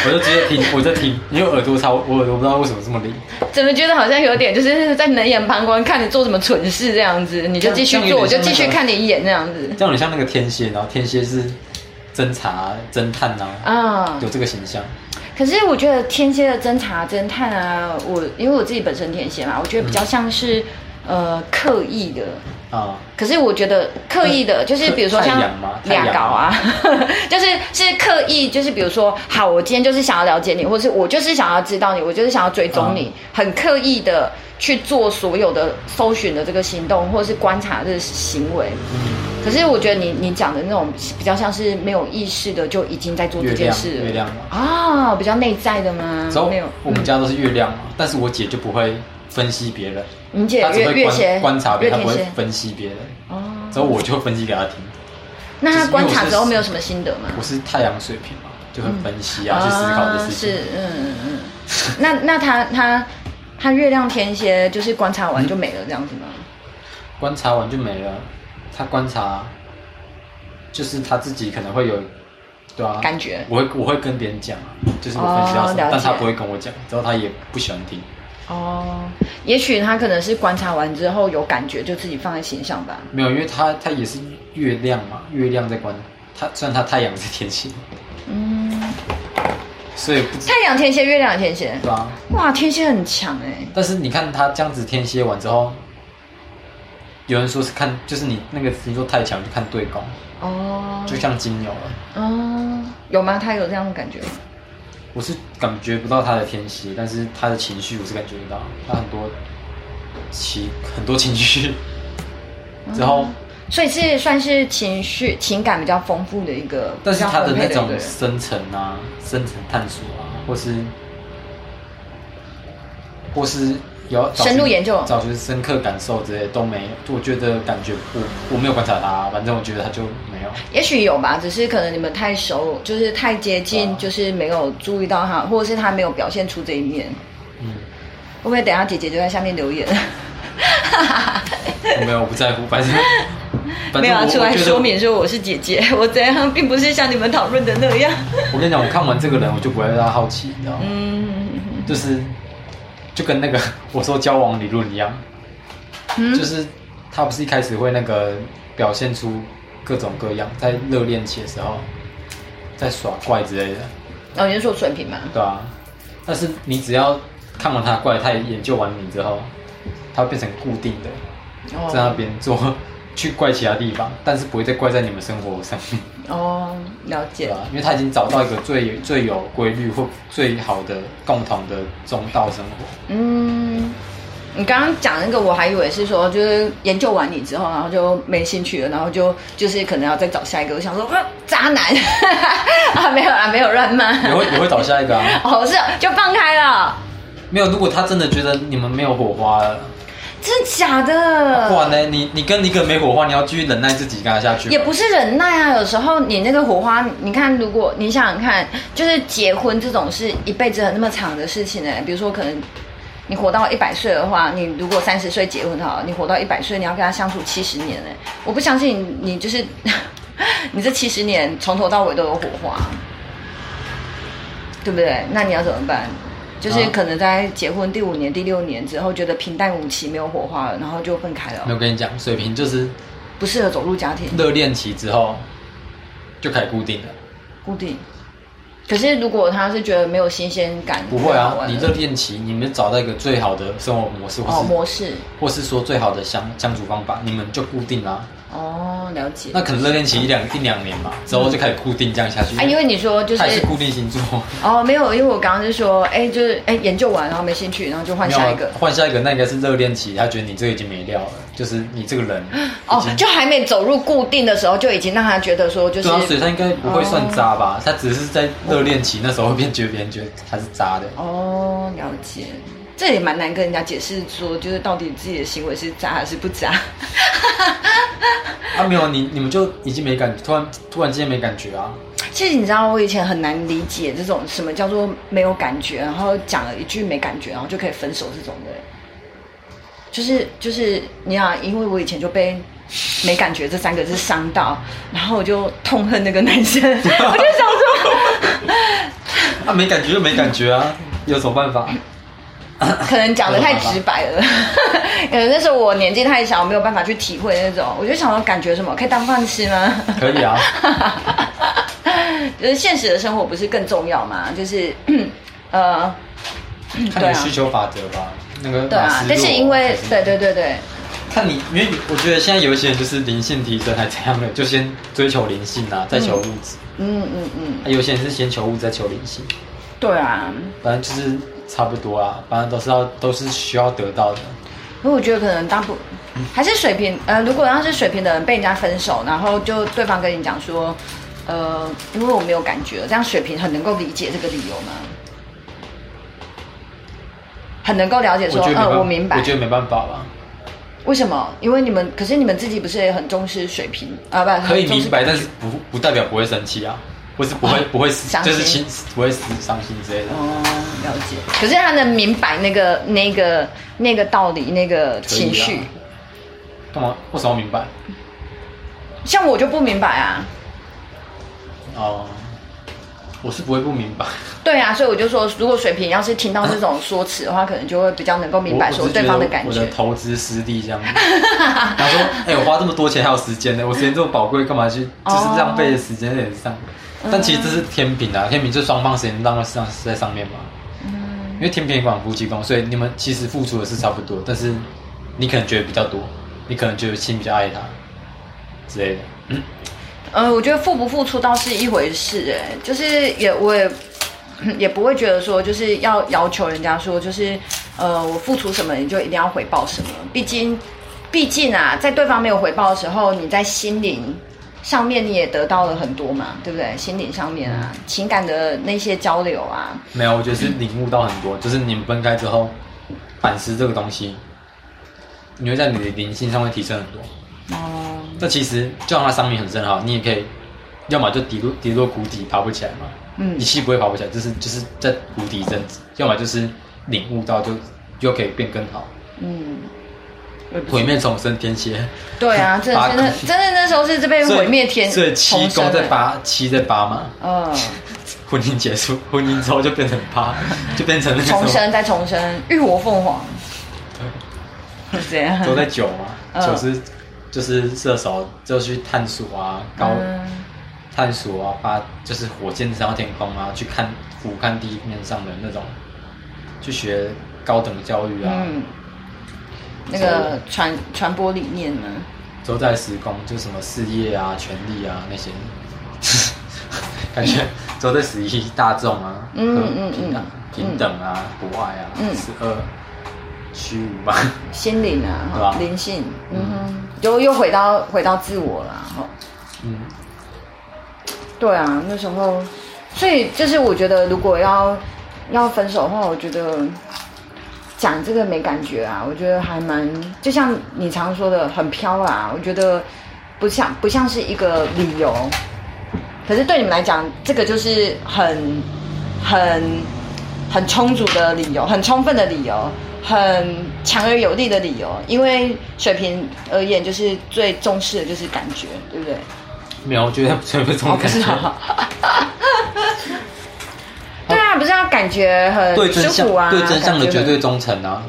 我就直接聽，我就聽， 因為耳朵超，我耳朵不知道為什麼這麼靈，怎麼覺得好像有點就是在冷眼旁觀看你做什麼蠢事這樣子，你就繼續做，我、那個、就繼續看你一眼這樣子。樣很像那個天蠍，然後天蠍是偵查偵探吶，啊，oh. 有這個形象。可是我覺得天蠍的偵查偵探啊，我因為我自己本身天蠍嘛，我覺得比較像是。嗯呃，刻意的啊、嗯，可是我覺得刻意的，嗯、就是比如說像倆、嗯、搞啊， 就是是刻意，就是比如說，好，我今天就是想要了解你，或者是我就是想要知道你，我就是想要追蹤你、嗯，很刻意的去做所有的搜尋的這個行動，或者是觀察的這個行為、嗯。可是我覺得你你講的那種比較像是沒有意識的就已經在做這件事了，月亮啊、哦，比較內在的嗎？So, 沒有，我們家都是月亮嘛、嗯，但是我姐就不會。分析別人，你姐他只會觀觀察別人，他不會分析別人。哦，之後我就分析給他聽。那他觀察之後，沒有什麼心得嗎？我是太陽水瓶嘛，就很分析啊、嗯，去思考這些、啊。是，嗯嗯嗯。 那那他他她月亮天蠍，就是觀察完就沒了這樣子嗎、嗯？觀察完就沒了。他觀察，就是他自己可能會有，對啊，感覺。我會我會跟別人講啊，就是我分析到什麼但是、哦、但他不會跟我講，之後他也不喜歡聽。哦，也許他可能是觀察完之後有感覺，就自己放在心上吧。沒有，因為他他也是月亮嘛，月亮在觀他，雖然他太陽是天蠍，嗯，所以不太陽天蠍，月亮天蠍，對吧、啊、哇，天蠍很強哎。但是你看他這樣子天蠍完之後，有人說是看，就是你那個星座太強，就看對宮哦，就像金牛了哦，有嗎？他有這樣的感覺嗎？我是感覺不到他的天蠍，但是他的情緒我是感覺得到，他很多情，很多情緒，Okay. 然後所以是算是情緒情感比較豐富的一個，但是他的那種深層啊、深層探索啊，或是或是。有深入研究，找出深刻感受之類都沒有。我覺得感覺我沒有觀察他啊，反正我覺得他就沒有。也許有吧，只是可能你們太熟，就是太接近，就是沒有注意到他，或者是他沒有表現出這一面。嗯。會不會等下姐姐就在下面留言？哈 哈沒有，我不在乎，反正。反正沒有啊，出來說明說我是姐姐，我這樣並不是像你們討論的那樣。我跟你講，我看完這個人，我就不會讓他好奇，你知道嗎？嗯，嗯，嗯，嗯。就是。就跟那個我說交往理論一樣，嗯，就是他不是一開始會那個表現出各種各樣，在熱戀期的時候，在耍怪之類的。哦，你是說水瓶嘛？對啊。但是你只要看完他怪，他也研究完你之後，他會變成固定的，在那邊做去怪其他地方，但是不會再怪在你們生活上。 哦，了解。對啊，因為他已經找到一個最最有規律或最好的共同的中道生活。嗯，你剛剛講的那個，我還以為是說，就是研究完你之後，然後就沒興趣了，然後就就是可能要再找下一個。我想說啊，渣男 啊，沒有啊，沒有亂漫。也會也會找下一個啊。哦，是啊，就放開了。沒有，如果他真的覺得你們沒有火花了，真的假的？哇，呢，你你跟你哥沒火花，你要繼續忍耐自己跟他下去？也不是忍耐啊，有時候你那個火花，你看，如果你想想看，就是結婚這種是一輩子很那麼長的事情呢、欸。比如說，可能你活到一百歲的話，你如果三十歲結婚的話，你活到一百歲，你要跟他相處七十年呢、欸。我不相信你就是你這七十年從頭到尾都有火花，對不對？那你要怎麼辦？就是可能在結婚第五年、第六年之後，覺得平淡無奇，沒有火花了，然後就分開了。沒有跟你講，水瓶就是不適合走入家庭。熱戀期之後，就可以固定了。固定。可是如果他是覺得沒有新鮮感，不會啊！你熱戀期你們找到一個最好的生活模式，或是哦模式，或是說最好的相相處方法，你們就固定啦。哦，了解。那可能熱戀期一兩、嗯、一兩年嘛，之後就開始固定這樣下去。啊，因為你說就是，還，還是固定星座。哦，沒有，因為我剛剛就說，哎、欸，就是哎、欸，研究完然後沒興趣，然後就換下一個。換下一個，那應該是熱戀期，他覺得你這個已經沒料了，就是你這個人。哦，就還沒走入固定的時候，就已經讓他覺得說，就是。對啊，所以他應該不會算渣吧？哦、他只是在熱戀期那時候，會變覺得別人覺得他是渣的。哦，了解。這也蠻難跟人家解釋，說就是到底自己的行為是渣還是不渣。啊，沒有，你你們就已經沒感覺，突然突然之間沒感覺啊。其實你知道，我以前很難理解這種什麼叫做沒有感覺，然後講了一句沒感覺，然後就可以分手這種的。就是就是，你知道，因為我以前就被“沒感覺”這三個字傷到，然後我就痛恨那個男生， 我就想說 啊，沒感覺就沒感覺啊，有什麼辦法？可能講得太直白了， 可能那時候我年紀太小，我沒有辦法去體會那種，我就想說感覺什麼可以當飯吃嗎？可以啊， 就是現實的生活不是更重要嗎？就是 呃、嗯，看你的需求法則吧、啊，那個對啊，但是因為對對對對，看你，因為我覺得現在有一些人就是靈性提升還怎樣的，就先追求靈性啊，再求物質，嗯嗯嗯，嗯嗯有些人是先求物質再求靈性，對啊，反正就是。差不多啊，反正都是要都是需要得到的。因為我覺得可能大部還是水瓶、嗯、呃，如果要是水瓶的人被人家分手，然後就對方跟你講說，呃，因為我沒有感覺，這樣水瓶很能夠理解這個理由嗎？很能夠了解說，嗯、呃，我明白，我覺得沒辦法了。為什麼？因為你們，可是你們自己不是也很重視水瓶啊？不，可以明白，是但是不不代表不會生氣啊。我是不會不會傷心，就是親不會死傷心之類的。哦，了解。可是他能明白那個那個那個道理，那個情緒。幹、啊、嘛？為什麼明白？像我就不明白啊。哦、uh,，我是不會不明白。對啊，所以我就說，如果水瓶要是聽到這種說辭的話， 可能就會比較能夠明白說對方的感覺。我，我，覺我的投資失利，這樣子。然後說：“哎、 欸，我花這麼多錢還有時間呢？我時間這麼寶貴，幹嘛去、oh. 就是浪費的時間在臉上？”但其實這是天秤啊，嗯、天秤就雙方誰讓在上在上面嘛。嗯，因為天秤也管夫妻宮，所以你們其實付出的是差不多，但是你可能覺得比較多，你可能覺得心比較愛他之類的。嗯、呃，我覺得付不付出倒是一回事、欸，哎，就是也我也也不會覺得說就是要要求人家說就是呃我付出什麼你就一定要回報什麼，畢竟畢竟啊，在對方沒有回報的時候，你在心裡。上面你也得到了很多嘛，對不對？心理上面啊、嗯，情感的那些交流啊，沒有，我覺得是領悟到很多。就是你們分開之後，反思這個東西，你會在你的靈性上面提升很多。哦，那其實就算他傷你很深哈，你也可以，要麼就跌落跌落谷底爬不起來嘛，嗯，一氣不會爬不起來，就是就是在谷底一陣子，要麼就是領悟到就又可以變更好，嗯。毀滅重生，天蠍。對啊，真的，真的,真的那時候是這邊毀滅天蠍。所以七宮在八，欸、七在八嘛。嗯。婚 姻結束，婚姻之後就變成八， 就變成重生再重生，浴火鳳凰。是這樣。都在九嘛，九、嗯、是就是射手，就去探索啊，高、嗯、探索啊，八、啊，就是火箭上到天空啊，去看俯瞰地面上的那種，去學高等教育啊。嗯那個傳傳播理念呢？坐在時空就什麼事業啊、權力啊那些呵呵，感覺坐在十一大眾啊，嗯嗯、啊、嗯，平等啊、博、嗯、愛啊，十二虛無、啊、 吧，心靈啊，對吧？靈性，嗯哼，就又回到回到自我了，嗯，對啊，那時候，所以就是我覺得，如果要要分手的話，我覺得。講這個沒感覺啊，我覺得還蠻，就像你常說的很飄啦，啊，我覺得不像不像是一個理由，可是對你們來講，這個就是很很很充足的理由，很充分的理由，很強而有力的理由，因為水瓶而言就是最重視的就是感覺，對不對？沒有，我覺得全部這種感覺哦。不是 那不是要感覺很、啊，對真相、對真相的絕對忠誠啊！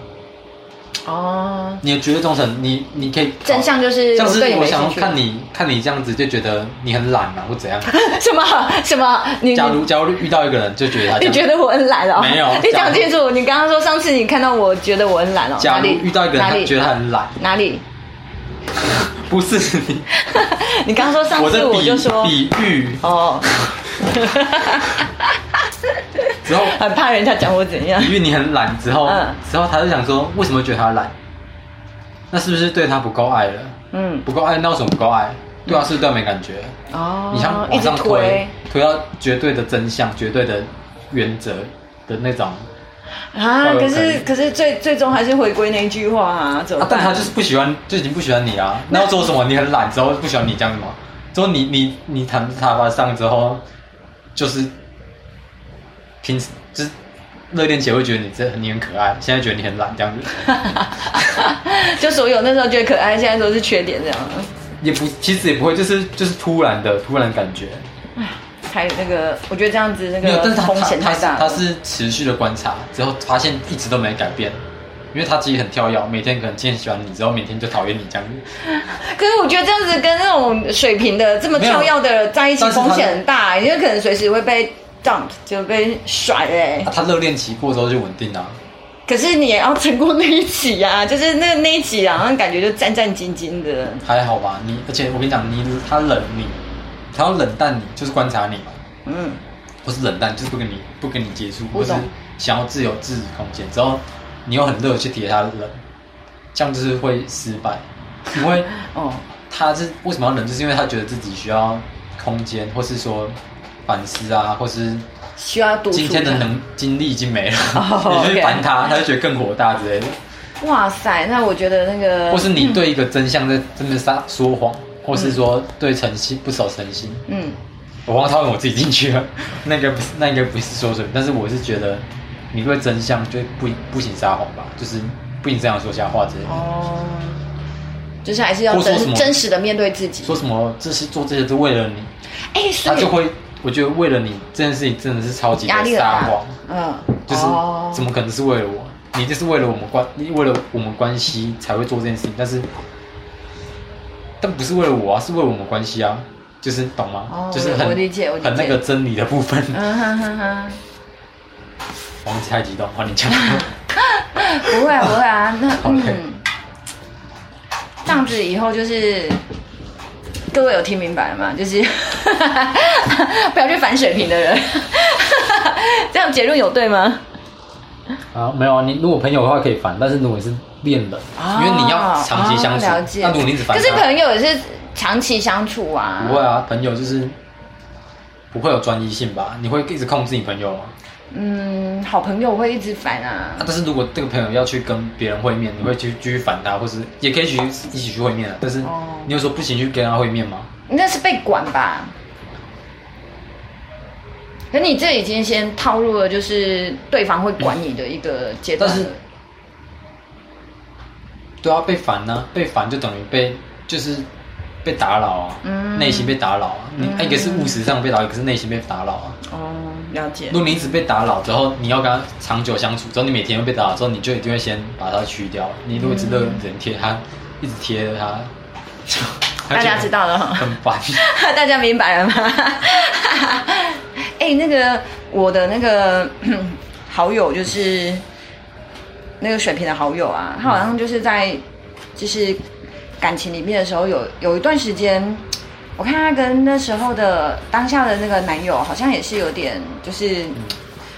哦，你的絕對忠誠，你你可以真相就是我對。像是我想看你看你這樣子就覺得你很懶嘛、啊，或怎樣？什 麼什麼？什麼你假如假如遇到一個人就覺得你覺得我很懶了、哦？沒有，你講清楚。你剛剛說上次你看到我覺得我很懶了，假如遇到一個人他覺得他很懶？哪裡？ 不是你， 你剛剛說上次我，我就說比喻哦。 之後很怕人家講我怎樣，因為你很懶。之後、啊，之後他就想說：為什麼覺得他懶？那是不是對他不夠愛了？嗯，不夠愛，那要什麼不夠愛、嗯？對啊，是不是對沒感覺？哦，你像往上推，推，推到絕對的真相、絕對的原則的那種啊可。可是，可是最最終還是回歸那句話啊。怎麼、啊？但他就是不喜歡，就已經不喜歡你啊。那要做什麼？你很懶，之後不喜歡你這樣子嘛？ 之後你你你躺在沙發上之後。就是平時就是熱戀前會覺得你這你很可愛，現在覺得你很懶這樣子。 就所有那時候覺得可愛，現在說是缺點這樣子。也不，其實也不會，就是就是突然的突然的感覺。哎呀，太那個，我覺得這樣子那個風險太大。他是，是，是持續的觀察之後，發現一直都沒改變。因為他自己很跳躍，每天可能今天喜歡你，之後每天就討厭你這樣子。可是我覺得這樣子跟那種水平的這麼跳躍的在一起風險很大，因為可能隨時會被 dump 就會被甩、啊、他熱戀期過之後就穩定了、啊，可是你也要成功那一期呀、啊，就是那那一期啊，感覺就戰戰兢兢的。還好吧，你而且我跟你講，你他冷你，他要，要冷淡你，就是觀察你嘛，嗯，不是冷淡就是不跟你不跟你接觸，或是想要自由自主空間之後。你用很熱去疊他冷，這樣就是會失敗，因為哦，他是為什麼要冷，就是因為他覺得自己需要空間，或是說反思啊，或是需要讀書，今天的能精力已經沒了，你就煩他，他就覺得更火大之類的。哇塞，那我覺得那個，或是你對一個真相在真的撒說謊，或是說對誠信不守誠信，嗯，我忘超我自己進去了，那個不是那應該不是說準，但是我是覺得。你對真相，就不不行撒謊吧？就是不行這樣說瞎話之類的。Oh, 就是還是要真實的面對自己。說什麼,說什麼這是做這些是為了你？他、欸、就會我覺得為了你這件事情真的是超級的壓、啊、撒謊，嗯，就是、oh. 怎麼可能是為了我？你就是為了我們關，為了我們關係才會做這件事情。但是，但不是為了我啊，是為了我們關係啊，就是懂嗎？Oh, 就是很很那個真理的部分。 王子太激動，換你講。 不會、啊，不會啊，那嗯，okay. 這樣子以後就是，嗯、各位有聽明白嗎？就是 不要去反水瓶的人， 這樣結論有對嗎？啊，沒有啊，你如果朋友的話可以反，但是如果你是戀人、哦，因為你要長期相處，就、哦啊、可是朋友也是長期相處啊。不會啊，朋友就是不會有專一性吧？你會一直控制你朋友嗎？嗯，好朋友會一直煩啊。啊但是，如果這個朋友要去跟別人會面，你會去繼續煩他，或是也可以去一起去會面啊。但是，你有說不行去跟他會面嗎？哦、那是被管吧。可你這已經先套入了，就是對方會管你的一個階段、嗯。對啊，被煩呢、啊，被煩就等於被就是。被打擾啊，嗯，內心被打擾啊，嗯、你一個是物質上被打擾，可是內心被打擾啊。哦，了解。如果你一直被打擾之後，你要跟他長久相處，之後你每天會被打擾之後，你就一定會先把它去掉、嗯。你如果知道人貼他，一直貼着他、嗯他，大家知道了、哦，很煩 大家明白了嗎？哎、 欸，那個我的那個 好友就是那個水瓶的好友啊，他好像就是在、嗯、就是。感情裡面的時候，有有一段時間，我看她跟那時候的當下的那個男友，好像也是有點，就是，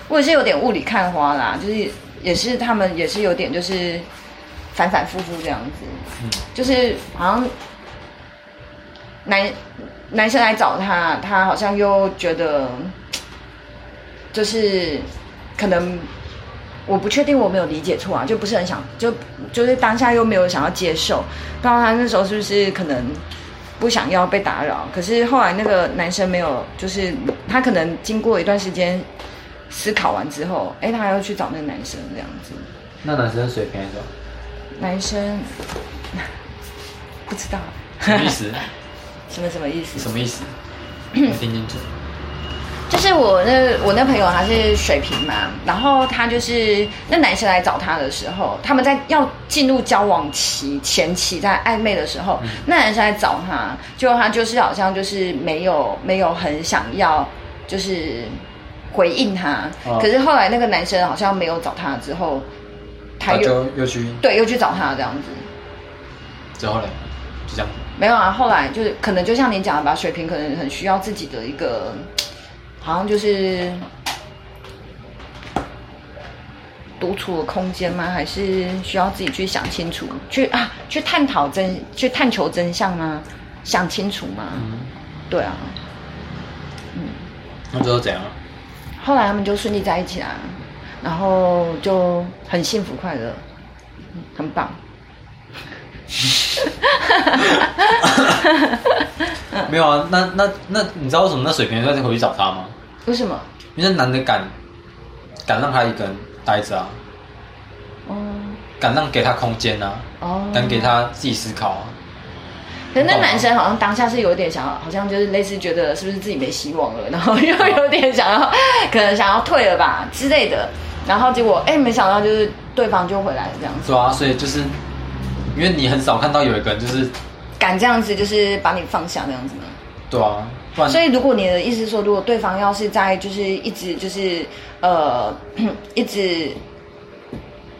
我也是有點霧裡看花啦，就是也是他們也是有點就是反反復復這樣子，就是好像男男生來找她，她好像又覺得就是可能。我不確定我沒有理解錯啊，就不是很想，就就是當下又沒有想要接受，不知道他那時候是不是可能不想要被打擾。可是後來那個男生沒有，就是他可能經過一段時間思考完之後，哎、欸，他還要去找那個男生這樣子。那男生是水平還是什麼？男生不知道。什麼意思？ 什麼什麼意思？什麼意思？ 我聽清楚。就是我那我那朋友，他是水瓶嘛，然後他就是那男生來找他的時候，他們在要進入交往期前期，在曖昧的時候，嗯、那男生來找他，就他就是好像就是沒有沒有很想要就是回應他、哦，可是後來那個男生好像沒有找他之後，他又又去對，又去找他。這樣子。之後呢？是這樣？沒有啊，後來就是可能就像你講的吧，水瓶可能很需要自己的一個。好像就是獨處的空間嗎？還是需要自己去想清楚，去啊，去探討真，去探求真相嗎？想清楚嗎？嗯、對啊，嗯，那最後怎樣？後來他們就順利在一起了，啊，然後就很幸福快樂，很棒。 沒有啊，那那那你知道為什麼那水瓶座先回去找他嗎？為什麼？因為那男的敢敢讓他一個人待着啊，哦、嗯，敢讓給他空間啊，哦，敢給他自己思考啊。可是那男生好像當下是有點想要，好像就是類似覺得是不是自己沒希望了，然後又有點想要、哦，可能想要退了吧之類的，然後結果哎、欸，沒想到就是對方就回來了這樣子。對啊，所以就是。因為你很少看到有一個人就是敢這樣子，就是把你放下那樣子的。對啊，所以如果你的意思是說，如果對方要是再就是一直就是呃一直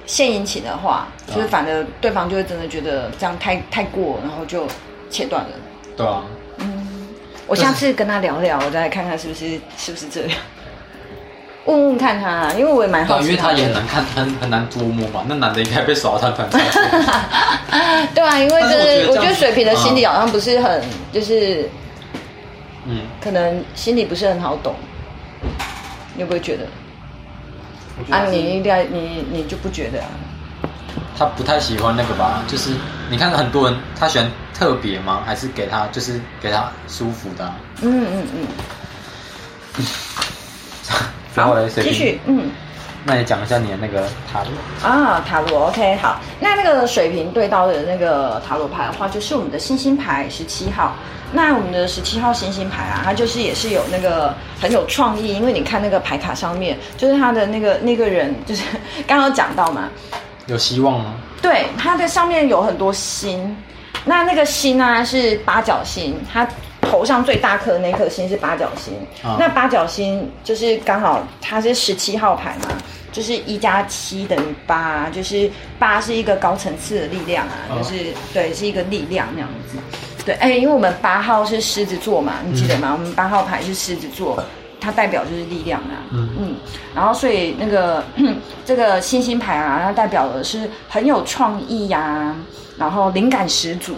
獻殷勤的話，啊、就是反正對方就會真的覺得這樣太太過，然後就切斷了。對啊。嗯，我下次跟他聊聊，我再看看是不是是不是這樣。問問看他，因為我也蠻好。因為他也難看，很很難捉摸嘛。那男的應該被耍了吧？ 對啊，因為就是,是我,覺我覺得水瓶的心理好像不是很、嗯、就是，嗯，可能心理不是很好懂。你會不會覺得？覺得啊你，你應該你你就不覺得、啊？他不太喜歡那個吧？就是你看很多人，他喜歡特別嗎？還是給他就是給他舒服的、啊？嗯嗯嗯。嗯 好，繼續，嗯，那你講一下你的那個塔羅啊，塔羅，OK，好，那那個水瓶對到的那個塔羅牌的話，就是我們的星星牌十七號。那我們的十七號星星牌啊，它就是也是有那個很有創意，因為你看那個牌卡上面，就是它的那個那個人，就是剛剛講到嘛，有希望嗎？對，它的上面有很多星，那那個星呢、啊、是八角星，它。頭上最大顆那顆星是八角星，哦那八角星就是剛好它是十七號牌嘛，就是一加七等於八，就是八是一個高層次的力量啊，就是，哦、對是一個力量那樣子。對，哎，欸，因為我們八號是獅子座嘛，你記得嗎？嗯，我們八號牌是獅子座，它代表就是力量啊。嗯，嗯，然後所以那個這個星星牌啊，它代表的是很有創意呀，啊，然後靈感十足。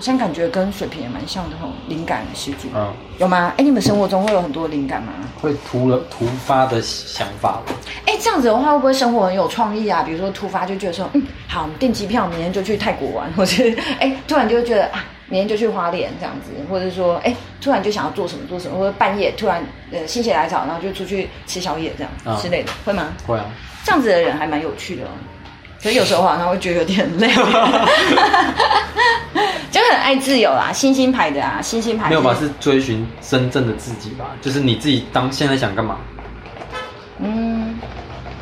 像感覺跟水瓶也蠻像的，靈感十足。嗯，有嗎？哎、欸，你們生活中會有很多靈感嗎？會突然突發的想法。哎、欸，這樣子的話，會不會生活很有創意啊？比如說突發就覺得說，嗯，好，我們訂機票，明天就去泰國玩。或者是：欸「哎，突然就會覺得啊，明天就去花蓮這樣子，或者說，哎、欸，突然就想要做什麼做什麼，或者半夜突然呃心血來潮，然後就出去吃宵夜這樣、嗯、之類的，會嗎？會啊。這樣子的人還蠻有趣的、哦，所以有時候好像會覺得有點累。 很愛自由啦，星星牌的啊，星星牌沒有吧？是追尋真正的自己吧？就是你自己當現在想幹嘛？嗯，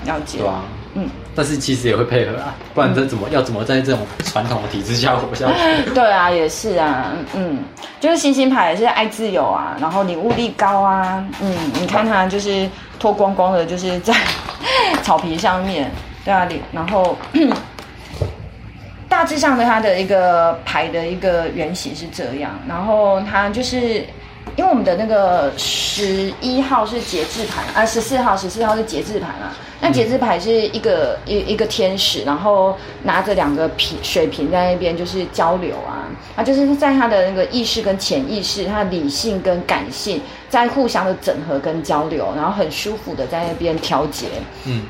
了解，對啊，嗯，但是其實也會配合啊，不然你這怎麼、嗯、要怎麼在這種傳統的體制下活下去？對啊，也是啊，嗯，就是星星牌也是愛自由啊，然後你物力高啊，嗯，你看他就是脫光光的，就是在草皮上面，對啊，你然後。大致上的，它的一個牌的一個原型是這樣，然後它就是因為我們的那個十一號是節制牌啊，十四號，十四號是節制牌啊，那節制牌是一個一、嗯、一個天使，然後拿着兩個瓶，水瓶在那邊就是交流啊啊，它就是在他的那個意識跟潛意識，他的理性跟感性在互相的整合跟交流，然後很舒服的在那邊調節，嗯。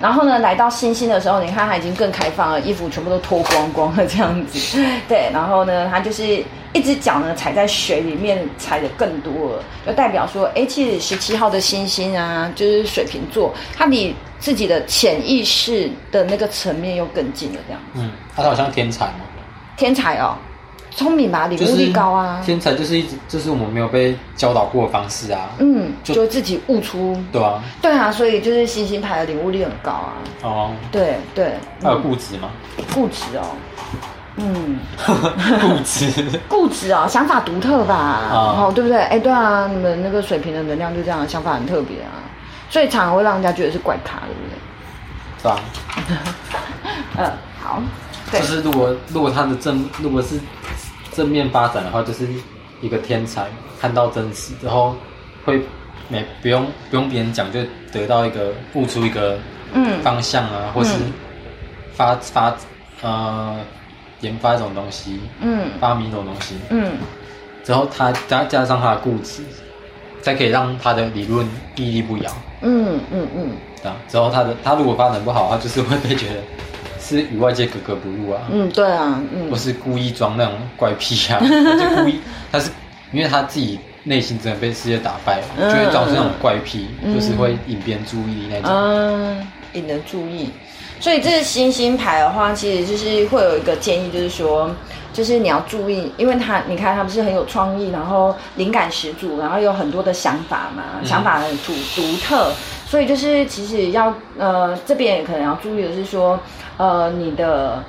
然後呢，來到星星的時候，你看他已經更開放了，衣服全部都脫光光了這樣子，對。然後呢，他就是一隻腳呢踩在水裡面，踩得更多了。就代表說，哎，其實十七號的星星啊，就是水瓶座，他離自己的潛意識的那個層面又更近了這樣子。嗯，他好像天才嗎？嗯，天才哦。聰明吧，領悟力高啊！就是、天才就是一直就是我們沒有被教導過的方式啊。嗯，就，就自己悟出。對啊。對啊，所以就是星星牌的領悟力很高啊。哦、oh。對對。那、嗯、有固執嗎？欸、固執哦。嗯。 固執執笑。固執哦，想法獨特吧？哦、uh，對不對？哎、欸，對啊，你們那個水瓶的能量就這樣，想法很特別啊，所以常，常會讓人家覺得是怪咖，對不對？對啊。嗯、 呃，好。對。就是如果如果他的正如果是。正面發展的話，就是一個天才看到，真實，之後會沒不用不用別人講，就得到一個付出一個方向啊，嗯、或是發發呃研發一種東西，嗯，發明一種東西，嗯，之後他加加上他的固執，才可以讓他的理論屹立不搖，嗯嗯嗯，然、嗯、之後他的他如果發展不好的話就是會被覺得。是與外界格格不入啊，嗯，對啊，嗯，不是故意裝那種怪癖啊，就 故意，他是因為他自己內心真的被世界打敗，啊嗯，就會造成這種怪癖，嗯、就是會引邊注意力那種，引、嗯、人注意。所以這是星星牌的話，其實就是會有一個建議，就是說，就是你要注意，因為他你看他不是很有創意，然後靈感十足，然後有很多的想法嘛，想法很獨、嗯、獨特，所以就是其實要呃這邊也可能要注意的是說。呃，你的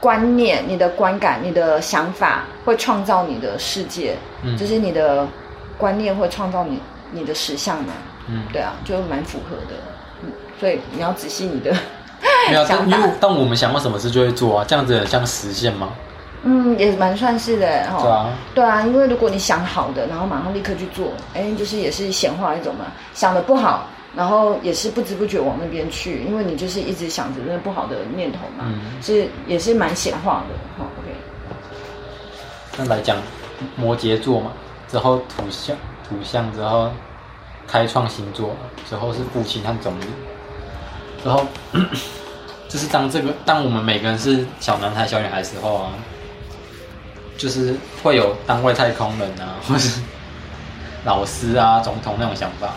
觀念、你的觀感、你的想法會創造你的世界，嗯、就是你的觀念會創造你你的實相嘛？嗯，對啊，就蠻符合的。所以你要仔細你的沒有、啊想法。但你，但我們想過什麼事就會做啊，這樣子也像實現嗎？嗯，也蠻算是的哦對、啊。對啊，因為如果你想好的，然後馬上立刻去做，哎，就是也是顯化一種嘛。想得不好。然後也是不知不覺往那邊去，因為你就是一直想着那不好的念頭嘛，嗯、是也是蠻顯化的。好、哦、，OK。那來講，摩羯座嘛，之後土象土象之後開創星座，之後是父親和總理。然後咳咳就是當這個當我們每個人是小男孩、小女孩時候啊，就是會有當外太空人啊， 或是老師啊、總統那種想法。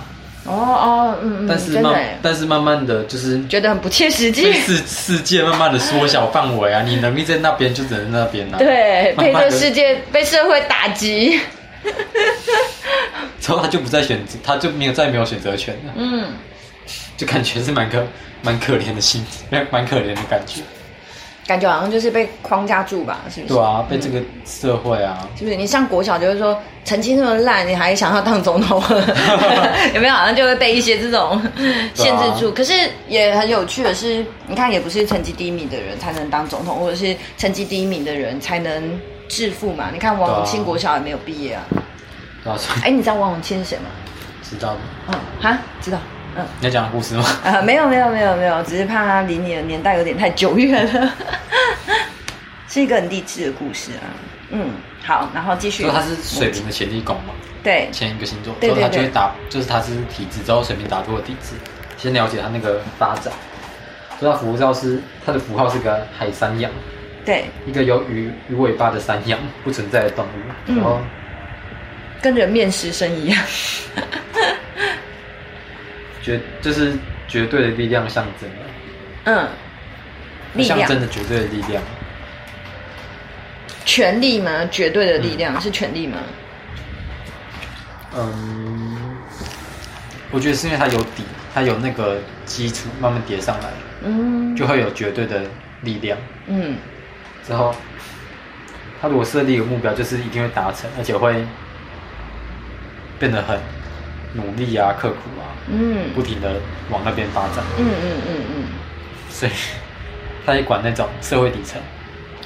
哦哦，嗯，但是慢、嗯，但是慢慢的就是覺得很不切實際。世世界慢慢的縮小範圍啊，你能力在那邊就只能在那邊了、啊。對，被這個世界被社會打擊，之 後他就不再選擇，他就沒有再也沒有選擇權了。嗯，就感覺是蠻可蠻可憐的心，蠻可憐的感覺。感覺好像就是被框架住吧，是不是？對啊，被這個社會啊。嗯、是不是你像國小就是說成績那麼爛，你還想要當總統？ 有沒有好像就會被一些這種限制住、啊？可是也很有趣的是，你看也不是成績第一名的人才能當總統，或者是成績第一名的人才能致富嘛？你看王永慶、啊、國小也沒有畢業啊。哎、啊欸，你知道王永慶是誰嗎？知道的。啊、嗯，知道。你、嗯、要講故事嗎？啊，沒有沒有沒有沒有，只是怕他離你的年代有點太久遠了。 是一個很勵志的故事啊。嗯，好，然後繼續。說他是水瓶的潛力股嘛？對。前一個星座，之後他就對對對。所以會打，就是他是體質，之後水瓶打出了體質。先了解他那個發展。說他符號是，他的符號是個海山羊。對。一個有魚、魚尾巴的山羊，不存在的動物。嗯。然後跟着人面獅身一樣。 絕就是絕對的力量象徵了。嗯，力量，象徵的絕對的力量，權力嗎？絕對的力量、嗯、是權力嗎？嗯，我覺得是因為他有底，他有那個基礎，慢慢疊上來，嗯，就會有絕對的力量，嗯，之後他如果設立一個目標，就是一定會達成，而且會變得很，努力啊，刻苦啊，嗯，不停的往那邊發展，嗯嗯嗯嗯，所以他也管那種社會底層，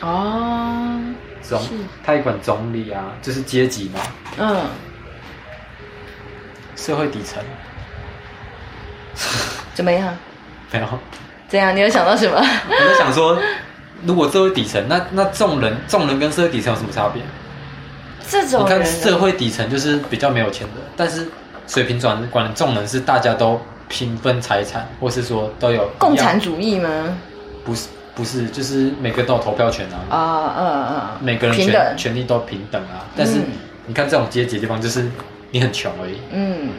哦，是，他也管總理啊，就是階級嘛，嗯，社會底層 怎麼樣？沒有？怎樣？你有想到什麼？我 在想說，如果社會底層，那那眾人，眾人跟社會底層有什麼差別？這種人你看社會底層就是比較沒有錢的，但是。水瓶轉管眾人是大家都平分財產，或是說都有共產主義嗎？不是，不是，就是每個都有投票權啊！啊，嗯嗯，每個人權權利都平等啊、嗯！但是你看這種階級的地方，就是你很窮而已。嗯，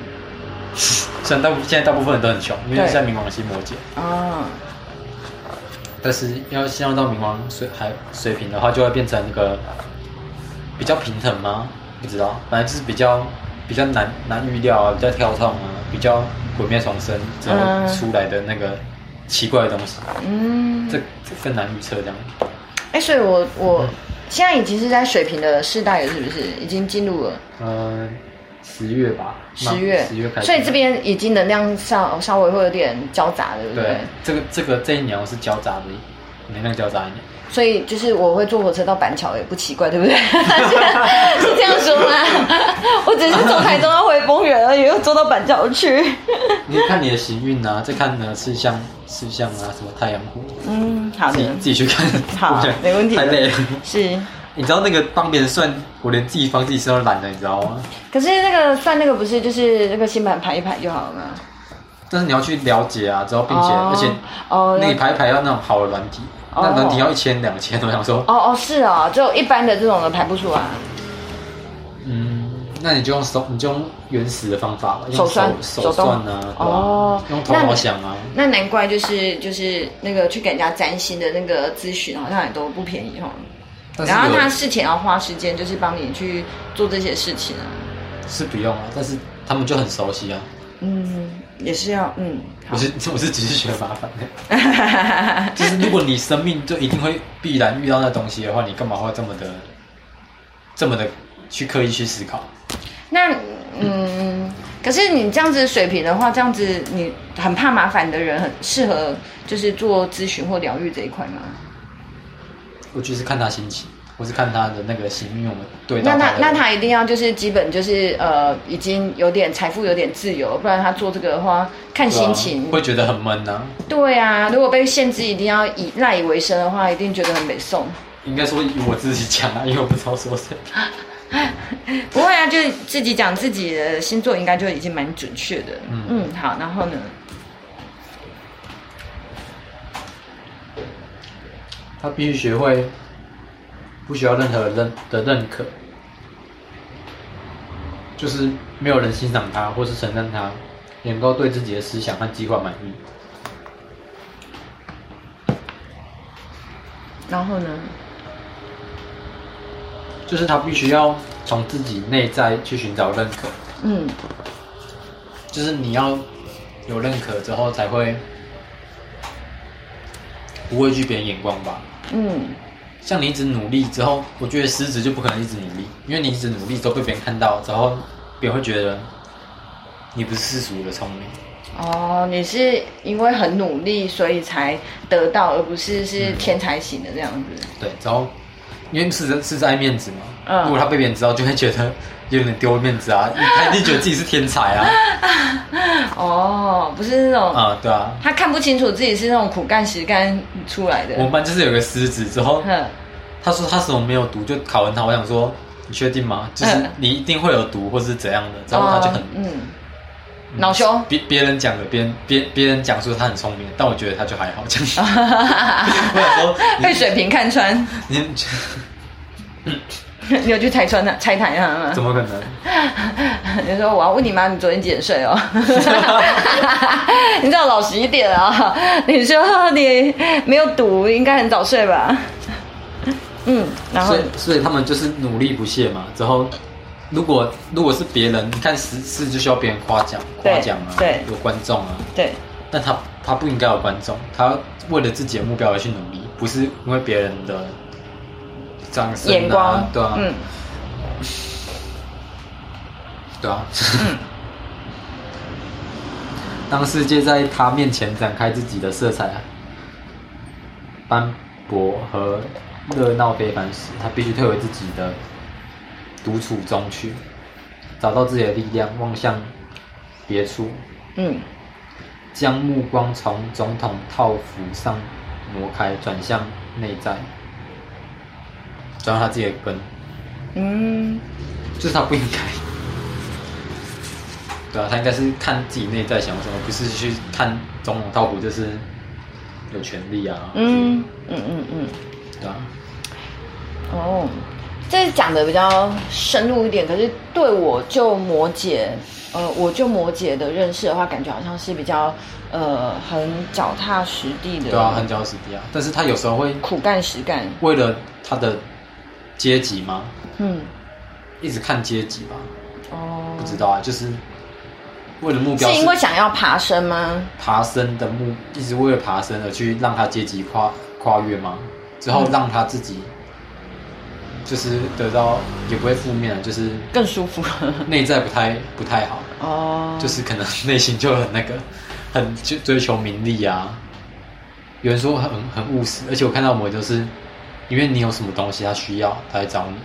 雖然大現在大部分人都很窮，嗯，因為現在冥王星魔羯啊，uh. 但是要上到冥王水海水瓶的話，就會變成一個比較平衡嗎，嗯？不知道，本來就是比較。比較難難預料啊，比較跳痛啊，比較毀滅重生之後出來的那個奇怪的東西，嗯，這，這更難預測這樣。哎、欸，所以我我現在已經是在水瓶的世代了，是不是？已經進入了呃、嗯、十月吧，十月十月開始，所以這邊已經能量稍稍微會有點交雜的對不對？對，這個這個這一年我是交雜的，能量交雜的一年。所以就是我會坐火車到板橋也不奇怪，對不對？ 是這樣說嗎？ 我只是從台中要回豐原而已，又坐到板橋去。 你看你的時運啊，再看呢，四象，四象啊，什麼太陽宮？嗯，好的，你自、自己去看。好， 沒問題。太累了。是， 你知道那個幫別人算，我連自己幫自己算都懶的，你知道嗎？可是那個算那個不是就是那個星盤排一排就好了？但是你要去了解啊，知道，並且、哦、而且哦，那你排一排要那種好的軟體。嗯那能抵要一千、oh. 兩千，我想說。Oh, oh, 哦哦，是啊，就一般的這種的排不出來，啊。嗯，那你就用手，你就用原始的方法吧，用手手、手算啊，哦、oh.。用頭腦想啊那。那難怪就是就是那個去給人家占星的那個諮詢，好像也都不便宜哈，哦。然後他事前要花時間，就是幫你去做這些事情啊。是不用啊，但是他們就很熟悉啊。嗯。也是要嗯，我是我是只是覺得麻煩， 就是如果你生命就一定會必然遇到那東西的話，你幹嘛會這麼的這麼的去刻意去思考？那嗯，嗯，可是你這樣子水瓶的話，這樣子你很怕麻煩的人，很適合就是做諮詢或療癒這一塊嗎？我就是看他心情。我是看他的那個行運用的，對。那他。那他一定要就是基本就是呃，已經有點財富有點自由，不然他做這個的話，看心情。啊、會覺得很悶呢、啊。對啊，如果被限制，一定要以賴以為生的話，一定覺得很沒送。應該說以我自己講啊，因為我不知道說誰。 不會啊，就自己講自己的星座，應該就已經蠻準確的嗯。嗯，好，然後呢？他必須學會。不需要任何的認的認可，就是沒有人欣賞他，或是承認他，能夠對自己的思想和計劃滿意。然後呢？就是他必須要從自己內在去尋找認可。嗯，就是你要有認可之後，才會不畏懼別人眼光吧？嗯。像你一直努力之後，我覺得獅子就不可能一直努力，因為你一直努力都被別人看到之後，別人會覺得你不是世俗的聰明哦，你是因為很努力所以才得到，而不是是天才型的這樣子。嗯、對，然後因為是是在愛面子嘛、嗯，如果他被別人知道，就會覺得。有點丟面子啊！他一定覺得自己是天才啊！哦，不是那種啊、嗯，對啊，他看不清楚自己是那種苦幹實幹出來的。我們班就是有一個獅子，之後他說他什麼沒有讀，就考完他，我想說你確定嗎？就是你一定會有讀，或是怎樣的？然、嗯、後他就很嗯，惱、嗯、羞，別別人講的，別人別別人講說他很聰明，但我覺得他就還好這樣、啊、哈哈哈哈我想說。被水瓶看穿。你你你有去拆穿他、啊、拆台他、啊、嗎？怎麼可能？你說我要問你媽你昨天幾點睡哦？ 你知道老實一點啊！你說你沒有賭，應該很早睡吧？嗯，然後所以，所以他們就是努力不懈嘛。之後如果如果是別人，你看十次就需要別人誇獎誇獎啊，對，有觀眾啊，對。但他他不應該有觀眾，他為了自己的目標而去努力，不是因為別人的。掌聲、啊、對啊、嗯，對啊 嗯。當世界在他面前展開自己的色彩、斑駁和熱鬧非凡時，他必須退回自己的獨處中去，找到自己的力量，望向別處。嗯，將目光從總統套服上挪開，轉向內在。知道他自己的根。嗯，就是他不應該，對啊，他應該是看自己內在想什麼，不是去看中文道府，就是有權利啊。嗯嗯嗯嗯，對，對啊、嗯嗯嗯嗯嗯嗯，哦，這是講的比較深入一點。可是對我就摩羯，呃，我就摩羯的認識的話，感覺好像是比較呃，很腳踏實地的。對啊，很腳踏實地啊。但是他有時候會苦幹實幹，為了他的。階級嗎？嗯，一直看階級吧。哦，不知道啊，就是為了目標是目？是因為想要爬升嗎？爬升的目，一直為了爬升而去讓他階級跨跨越嗎？之後讓他自己就是得到，也不會負面就是更舒服。內在不太不太好哦，就是可能內心就很那個，很就追求名利啊。有人說很很務實，而且我看到我們就是。因為你有什麼東西，他需要，他來找你，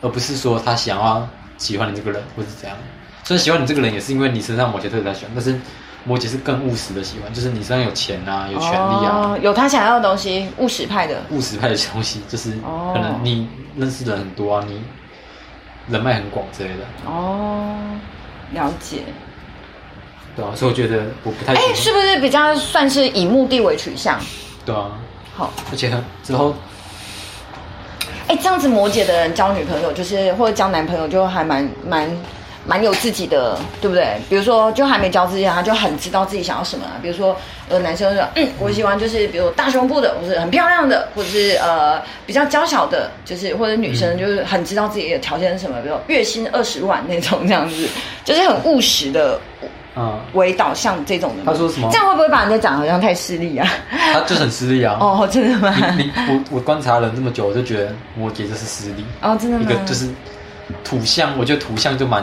而不是說他想要喜歡你這個人，或者是怎樣。所以喜歡你這個人，也是因為你身上某些特質在喜歡，但是摩羯是更務實的喜歡，就是你身上有錢啊，有權利啊，哦、有他想要的東西，務實派的務實派的東西，就是可能你認識的人很多啊，你人脈很廣之類的。哦，了解。對啊，所以我覺得我不太喜歡……哎，是不是比較算是以目的為取向？對啊，好，而且呢之後。哦哎、欸，這樣子摩羯的人交女朋友，就是或者交男朋友，就還蠻蠻。蠻有自己的，對不對？比如說，就還沒交之前，他就很知道自己想要什麼啊。比如說，呃，男生就說：“嗯，我喜歡就是，比如大胸部的，或是很漂亮的，或者是呃比較嬌小的，就是或者女生就是很知道自己的條件是什麼，嗯、比如月薪二十萬那種這樣子，就是很務實的，嗯，為導向這種的。嗯”他說什麼？這樣會不會把人家長得好像太勢利啊？他就很勢利啊！哦，真的嗎？我我觀察了這麼久，我就覺得摩羯就是勢利哦，真的嗎？一個就是土象，我覺得土象就蠻。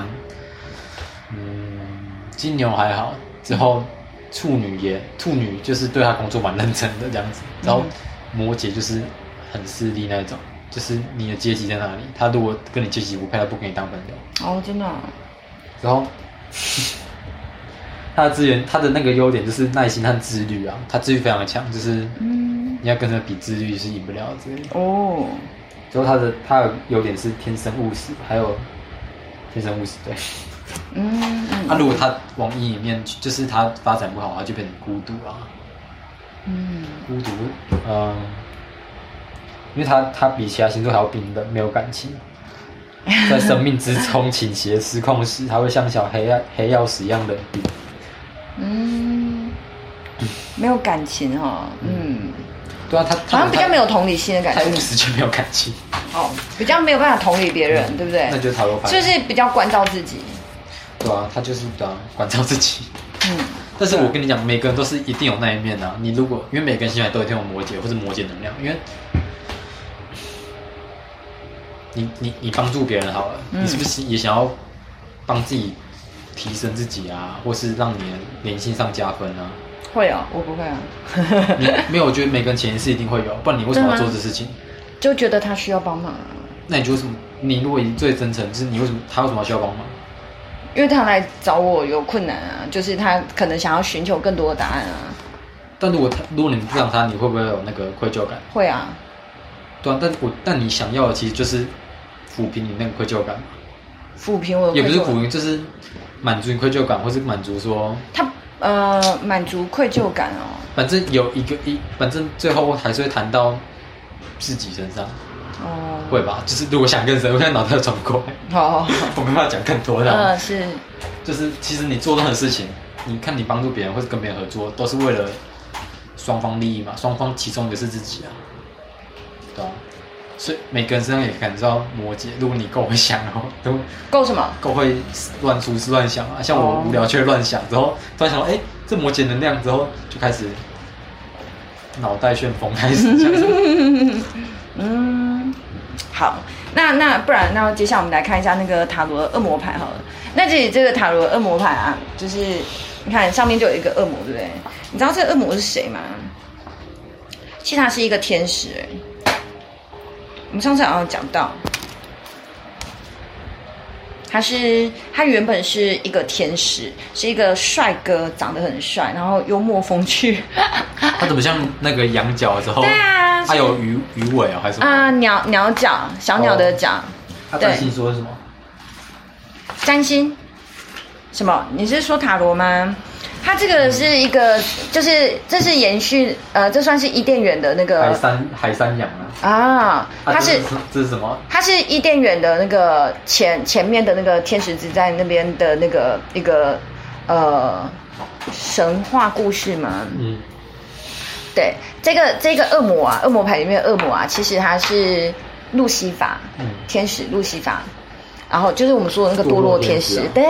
金牛還好，之後處女也、嗯、處女就是對他工作蠻認真的這樣子，然後摩羯就是很勢利那種、嗯，就是你的階級在哪裡，他如果跟你階級不配，他不跟你當朋友。哦，真的、啊。然後他的資源，他的那個優點就是耐心和自律啊，他自律非常的強，就是你、嗯、要跟他比自律是贏不了之類的。哦。然後他的他的優點是天生務實，還有天生務實。對。嗯，那、嗯啊、如果他往陰影面就是他發展不好啊，就變成孤獨啊。嗯，孤獨，嗯、呃，因為他他比起其他星座還要冰冷，沒有感情，在生命之中傾斜失控時， 時他會像小黑暗黑曜石一樣的嗯。嗯，沒有感情哈，嗯，對啊，他，他好像比較沒有同理心的感覺，完全沒有感情。哦，比較沒有辦法同理別人、嗯，對不對？那就討論，就是比較關照自己。對啊，他就是比較管教自己。嗯，但是我跟你講、嗯，每個人都是一定有那一面啊，你如果因為每個人心裡都一定有這種摩羯，或者摩羯能量，因為你，你你你幫助別人好了、嗯，你是不是也想要幫自己提升自己啊，或是讓你的靈性上加分呢、啊？會啊、哦，我不會啊 你。沒有，我覺得每個人潛意識一定會有，不然你為什麼要做這事情？就覺得他需要幫忙、啊。那你為什麼？你如果最真誠，就是你為什麼他為什麼需要幫忙？因為他來找我有困難啊，就是他可能想要尋求更多的答案啊。但如果他，如果你不讓他，你會不會有那個愧疚感？會啊。對啊，但我但你想要的其實就是撫平你那個愧疚感。撫平我。也不是撫平，就是滿足你愧疚感，或是滿足說他呃滿足愧疚感哦。反正有一個一，反正最後還是會談到自己身上。哦、嗯，會吧？就是如果想跟誰，我現在腦袋轉過來。哦， 我跟他講更多了。嗯、呃，是，就是其實你做任何事情，你看你幫助別人或是跟別人合作，都是為了雙方利益嘛。雙方其中一個是自己啊，對啊。所以每個人身上也感受到摩羯。如果你夠會想，然後都夠什麼？夠會亂出事、亂想啊。像我無聊卻亂想，之後突然、哦、想到哎、欸，這摩羯能量之後就開始腦袋旋風開始想什麼。 好，那那不然那接下來我們來看一下那個塔羅的惡魔牌好了。那這裡這個塔羅的惡魔牌啊，就是你看上面就有一個惡魔，對不對？你知道這個惡魔是誰嗎？其實他是一個天使，欸，我們上次好像講到。他是，他原本是一個天使，是一個帥哥，長得很帥，然後幽默風趣。 他怎麼像那個羊角之後？對啊，他有魚魚尾啊、哦，還是什麼啊鳥鳥角，小鳥的角。他、哦、占、啊、星說什麼？占星？什麼？你是說塔羅嗎？它這個是一個，就是這是延續，呃，這算是伊甸園的那個海山海山羊啊，啊。啊。它是這是，這是什麼？它是伊甸園的那個前前面的那個天使之在那邊的那個一個呃神話故事嘛。嗯。對，這個這個惡魔啊，惡魔牌裡面的惡魔啊，其實它是路西法，嗯，天使路西法。然後就是我們說的那個墮落天使，對。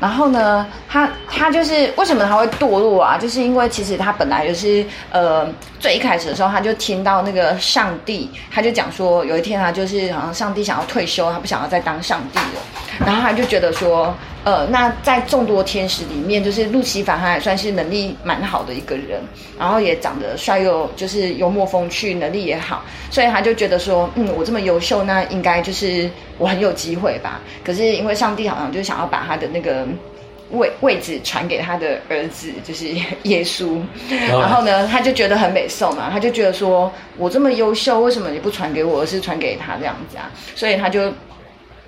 然後呢，他他就是為什麼他會墮落啊？就是因為其實他本來就是呃，最一開始的時候他就聽到那個上帝，他就講說，有一天他啊，就是好像上帝想要退休，他不想要再當上帝了，然後他就覺得說。呃，那在眾多天使裡面，就是路西法，他還算是能力蠻好的一個人，然後也長得帥又就是幽默風趣，能力也好，所以他就覺得說，嗯，我這麼優秀，那應該就是我很有機會吧？可是因為上帝好像就想要把他的那個位位置傳給他的兒子，就是耶穌，然後呢，他就覺得很難受嘛，他就覺得說我這麼優秀，為什麼你不傳給我，而是傳給他這樣子啊？所以他就。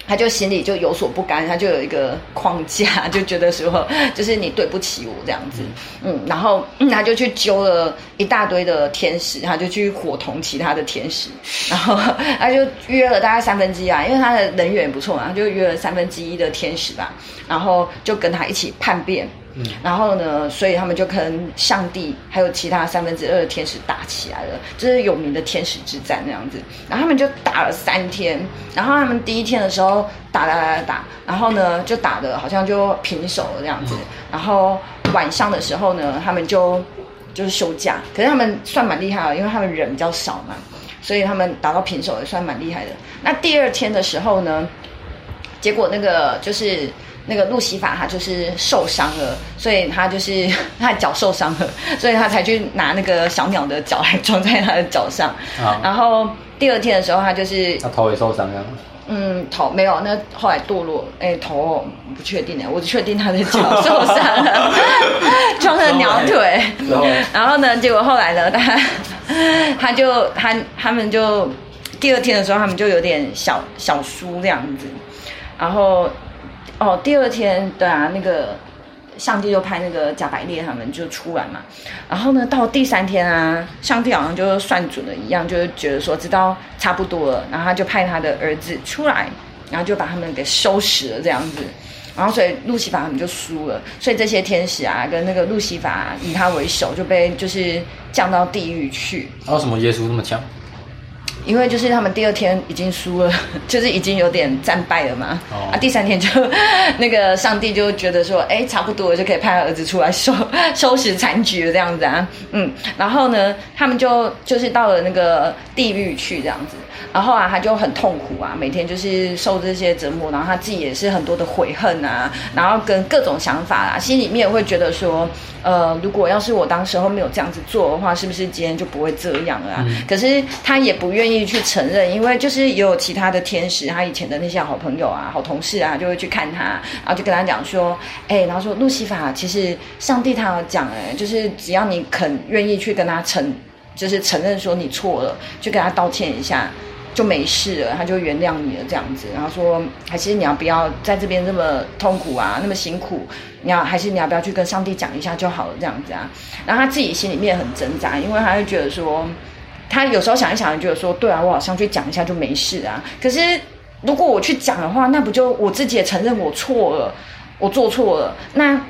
他就心裡就有所不甘，他就有一個框架，就覺得說就是你對不起我這樣子，嗯，然後、嗯、他就去揪了一大堆的天使，他就去夥同其他的天使，然後他就約了大概三分之一、啊，因為他的人緣不錯嘛，他就約了三分之一的天使吧，然後就跟他一起叛變。嗯，然後呢，所以他們就跟上帝還有其他三分之二的天使打起來了，就是有名的天使之戰那樣子。然後他們就打了三天，然後他們第一天的時候打打打打，然後呢就打得好像就平手了這樣子。然後晚上的時候呢，他們就就是休假。可是他們算蠻厲害了，因為他們人比較少嘛，所以他們打到平手也算蠻厲害的。那第二天的時候呢，結果那個就是。那個路西法他就是受傷了，所以他就是他腳受傷了，所以他才去拿那個小鳥的腳來裝在他的腳上，嗯。然後第二天的時候，他就是他頭也受傷了。嗯，頭沒有，那後來墮落，哎、欸，頭不確定的，我確定他的腳受傷了，裝 了鳥腿。然後，然後呢？結果後來呢？他他就他他們就第二天的時候，他們就有點小小輸這樣子，然後。哦，第二天對啊，那個上帝就派那個加百列他們就出來嘛，然後呢，到第三天啊，上帝好像就算準了一樣，就是覺得說知道差不多了，然後他就派他的兒子出來，然後就把他們給收拾了這樣子，然後所以路西法他們就輸了，所以這些天使啊，跟那個路西法、啊、以他為首，就被就是降到地獄去。然後、哦、什麼耶穌那麼強？因為就是他們第二天已經輸了，就是已經有點戰敗了嘛。哦、Oh。啊，第三天就那個上帝就覺得說，哎，差不多了就可以派兒子出來收收拾殘局了這樣子啊。嗯。然後呢，他們就就是到了那個地獄去這樣子。然後啊，他就很痛苦啊，每天就是受這些折磨。然後他自己也是很多的悔恨啊，然後跟各種想法啊，心裡面會覺得說，呃，如果要是我當時候沒有這樣子做的話，是不是今天就不會這樣了啊？嗯、可是他也不願意。去承認，因為就是也有其他的天使，他以前的那些好朋友啊、好同事啊，就會去看他，然後就跟他講說：“哎、欸，然後說路西法，其實上帝他有講、欸，誒，就是只要你肯願意去跟他承，就是承認說你錯了，就跟他道歉一下，就沒事了，他就原諒你了這樣子。然後說，還是你要不要在這邊這麼痛苦啊，那麼辛苦，你要還是你要不要去跟上帝講一下就好了這樣子啊？然後他自己心裡面很掙扎，因為他會覺得說。他有時候想一想，就覺得說：“對啊，我好像去講一下就沒事啊。”可是如果我去講的話，那不就我自己也承認我錯了，我做錯了？那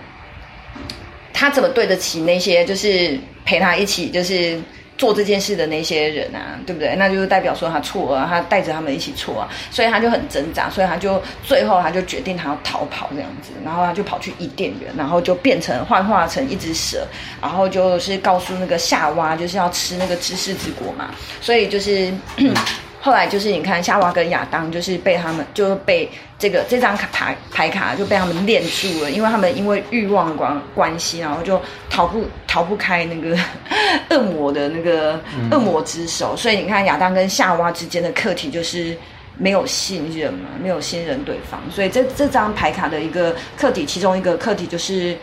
他怎麼對得起那些？就是陪他一起，就是。做這件事的那些人啊，對不對？那就是代表說他錯啊，他帶着他們一起錯啊，所以他就很掙扎，所以他就最後他就決定他要逃跑這樣子，然後他就跑去伊甸園，然後就變成幻化成一隻蛇，然後就是告訴那個夏娃，就是要吃那個知識之果嘛，所以就是。嗯後來就是，你看夏娃跟亞當就是被他們，就被這個這張卡牌牌卡就被他們鏈住了，因為他們因為慾望關關係，然後就逃不逃不開那個惡魔的那個惡魔之手。所以你看亞當跟夏娃之間的課題就是沒有信任嘛，沒有信任對方。所以這這張牌卡的一個課題，其中一個課題就是。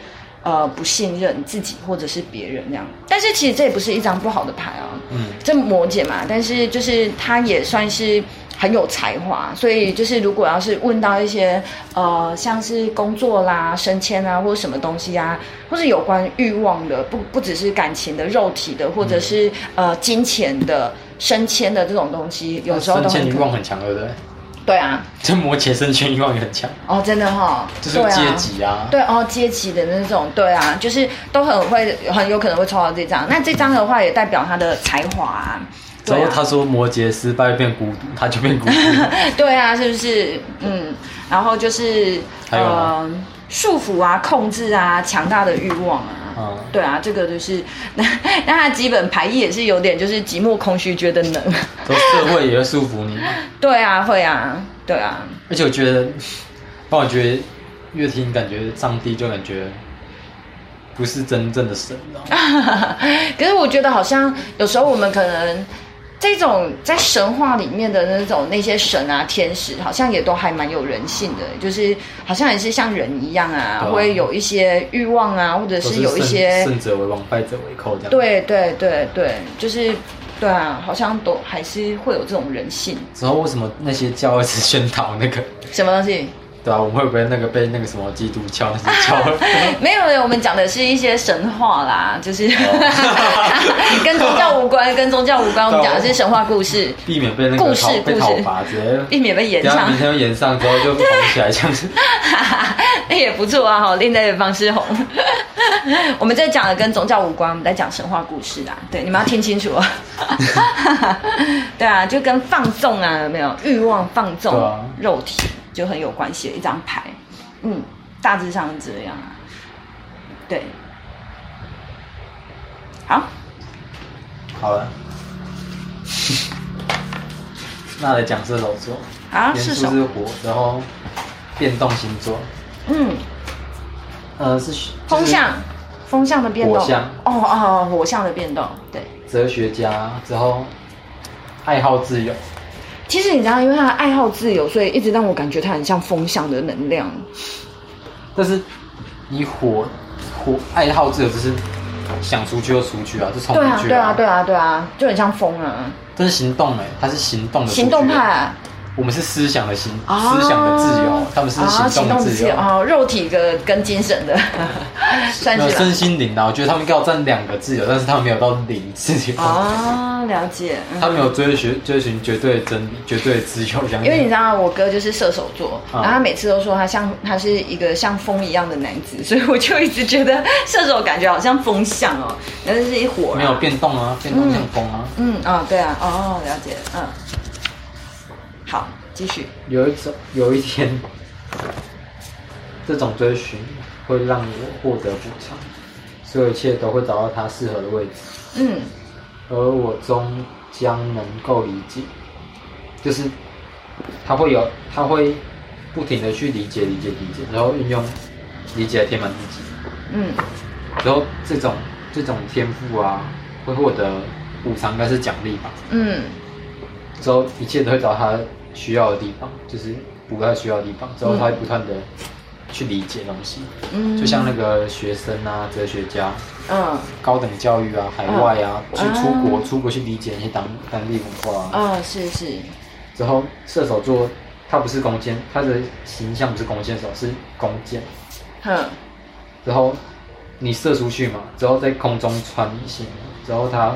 呃，不信任自己或者是別人那樣，但是其實這也不是一張不好的牌啊。嗯，這魔羯嘛，但是就是他也算是很有才華，所以就是如果要是問到一些呃，像是工作啦、升遷啊，或者什麼東西啊，或是有關慾望的，不不只是感情的、肉體的，或者是、嗯、呃金錢的、升遷的這種東西，有時候升遷慾望很強，對不對？對。對啊，這摩羯生圈欲望也很強，oh, 哦，真的哈，就是階級啊，對哦，階級的那種，對啊，就是都很會，很有可能會抽到這張。那這張的話也代表他的才華、啊啊。所以他說摩羯失敗變孤獨，他就變孤獨。 對啊，是不是？嗯，然後就是還有。呃束縛啊，控制啊，強大的慾望啊，嗯、對啊，這個就是，那他基本排異也是有點，就是寂寞空虛，覺得冷，都社會也會束縛你。 對啊，會啊，對啊。而且我覺得，但我覺得越聽，感覺上帝就感覺不是真正的神啊。 可是我覺得好像有時候我們可能。這種在神話裡面的那種那些神啊天使，好像也都還蠻有人性的，就是好像也是像人一樣啊，啊會有一些慾望啊，或者是有一些勝者為王敗者為寇這樣。對對對對，就是對啊，好像都還是會有這種人性。然後為什麼那些教義是宣導那個什麼東西？對啊，我們會不會那個被那個什麼基督教教？沒有、啊、 沒有，我們講的是一些神話啦，就是、oh. 跟宗教無關，跟宗教無關，我們講的是神話故事，避免被那個故事故事之類，避免被演唱。明天要演唱之後就紅起來，像是：「那 也不錯啊，好，另類的方式紅。 我們在講的跟宗教無關，我們在講神話故事啦，對，你們要聽清楚啊， 對啊，就跟放縱啊，有沒有慾望放縱肉體？就很有關係的一張牌，嗯，大致上是這樣，啊，對，好，好了， 那來講射手座，啊，是什麼？是火，然後變動星座，嗯，呃，是、就是、象風向，風向的變動，哦哦，oh, oh, oh, oh, 火象的變動，對，哲學家，之後愛好自由。其實你知道，因為他的愛好自由，所以一直讓我感覺他很像風向的能量。但是，你火火愛好自由，就是想出去就出去啊，就衝出去啊，對啊，對啊，對啊，對啊，就很像風啊。這是行動哎，他是行動的行動派，啊。我們是思想的心，思想的自由，ah, 他們是行動的自由啊，oh, 由 oh, 肉體的跟精神的 身心靈的。我覺得他們要占兩個自由，但是他們沒有到靈自由啊。Oh, 了解，okay. 他們有追尋追尋絕對的真絕對的自由這因為你知道，我哥就是射手座，然後他每次都說他像他是一個像風一樣的男子，所以我就一直覺得射手感覺好像風象哦，那是一伙、啊、沒有變動啊，變動像風啊，嗯啊、嗯哦，對啊，哦，了解，嗯。好，繼續。有一種，有一天，這種追尋會讓我獲得補償，所有一切都會找到它適合的位置。嗯，而我終將能夠理解，就是他會有，他會不停的去理解、理解、理解、理解，然後運用理解來填滿自己。嗯，然後這種這種天賦啊，會獲得補償，應該是獎勵吧。嗯，之後一切都會找他。需要的地方就是不太需要的地方，之後他會不斷的去理解東西，嗯，就像那個學生啊，哲學家，嗯，嗯高等教育啊，海外啊，嗯、去出國、嗯，出國去理解一些當當地文化啊，是、嗯、是、嗯嗯嗯。之後射手座，他不是弓箭，他的形象不是弓箭手，是弓箭。哼、嗯。之後你射出去嘛，之後在空中穿一些，之後他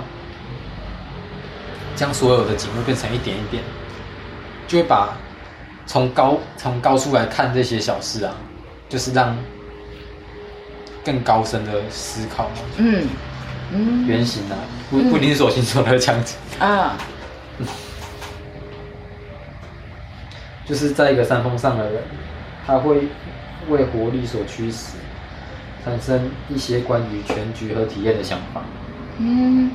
將所有的景物變成一點一點。就會把從高從高處來看這些小事啊，就是讓更高深的思考。嗯嗯，原型啊，不、嗯、不，一定所說新說的這樣子啊， 就是在一個山峰上的人，他會為活力所驅使，產生一些關於全局和體驗的想法。嗯。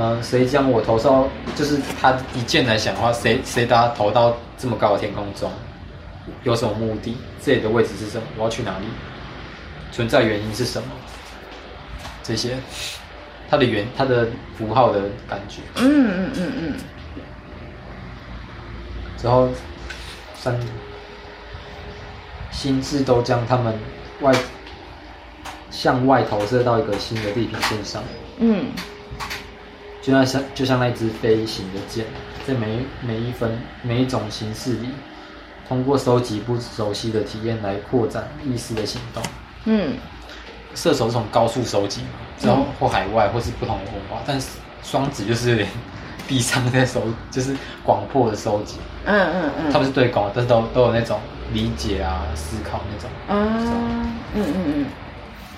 嗯，誰將我投到？就是他一鍵來想的話，誰誰他投到這麼高的天空中，有什麼目的？自己的位置是什麼？我要去哪裡？存在原因是什麼？這些，它的原，它的符號的感覺。嗯嗯嗯嗯。然後，三心智都將他們外向外投射到一個新的地平線上。嗯。就像像就像那隻飛行的箭，在每每一分每一種形式裡，通過收集不熟悉的體驗來擴展意識的行動。嗯，射手這種高速收集嘛，然後或海外或是不同的文化、嗯，但是雙子就是有點地上在收，就是廣闊的收集。嗯嗯嗯，他們是對宮，但是都都有那種理解啊、思考那種。啊、嗯嗯嗯，嗯嗯嗯，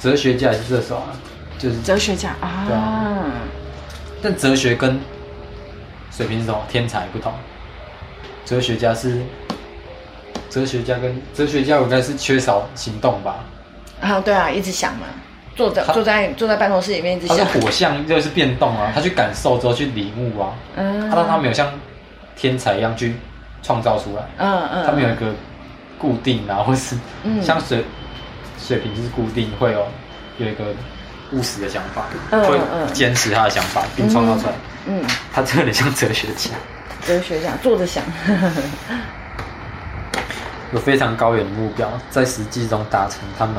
哲學家還是射手啊，就是哲學家啊。嗯但哲學跟水瓶是什麼天才不同，哲學家是哲學家跟哲學家，應該是缺少行動吧？啊，對啊，一直想嘛，坐在坐在坐在辦公室裡面一直想。他是火象，就是變動啊，他去感受之後去領悟啊，嗯、他但他沒有像天才一樣去創造出來，嗯嗯，他沒有一個固定啊，嗯、或是像水水瓶就是固定，會有有一個。務實的想法，呃、會堅持他的想法，呃、並創造出來。嗯，嗯他特別像哲學家，哲學家坐着想， 有非常高遠的目標，在實際中達成，他們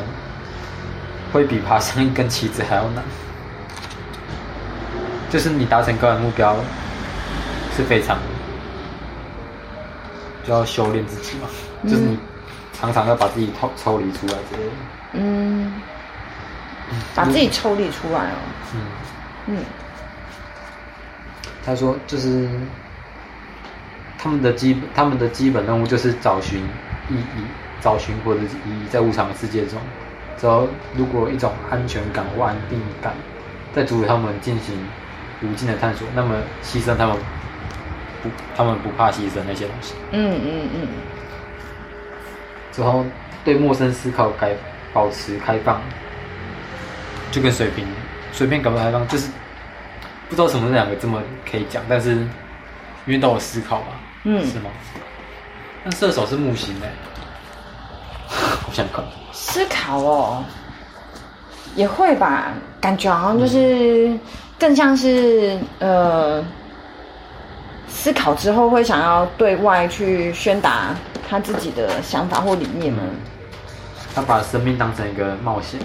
會比爬上一根旗子還要難。就是你達成高遠目標是非常，就要修煉自己嘛、嗯，就是你常常要把自己抽抽離出來之類的。嗯。嗯、把自己抽離出來了、哦。嗯嗯。他說：“就是他們的基本，他們的基本任務就是找尋意義，找尋或者是意義在無常的世界中。只要如果一種安全感或安定感在阻止他們進行無盡的探索，那麼犧牲他們不，他們不怕犧牲那些東西。嗯嗯嗯。之後，對陌生思考改保持開放。”就跟水瓶、水瓶搞不開放，就是不知道什麼兩個這麼可以講，但是因為都有思考嘛，嗯，是嗎？那射手是木星哎，好想考思考哦，也會吧？感覺好像就是更像是、嗯、呃，思考之後會想要對外去宣達他自己的想法或理念們、嗯。他把生命當成一個冒險。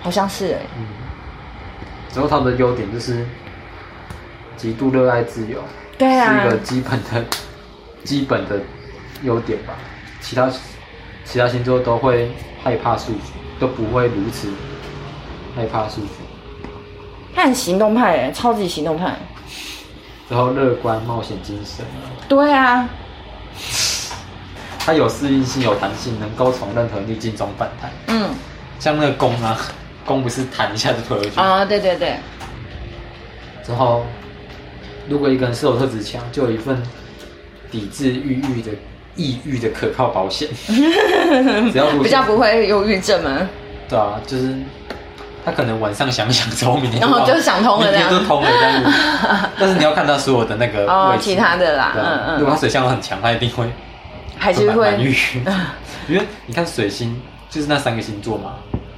好像是哎、欸，嗯，然後他們的優點就是極度熱愛自由，對啊，是一個基本的、基本的優點吧。其他其他星座都會害怕束縛，都不會如此害怕束縛。他很行動派哎、欸，超級行動派。然後樂觀、冒險精神。對啊，他有適應性、有彈性，能夠從任何逆境中反彈。嗯。像那個弓啊，弓不是彈一下就退回去啊？對對對。之後，如果一個人是有特質強，就有一份抵制抑鬱的、抑鬱的可靠保險。 比較不會憂鬱症嘛？對啊，就是他可能晚上想想之後明天，然後就想通了，這樣天都通了， 但是你要看他所有的那個、哦、其他的啦。啊、嗯嗯，如果他水象很強，他一定會還是會鬱， 因為你看水星就是那三個星座嘛。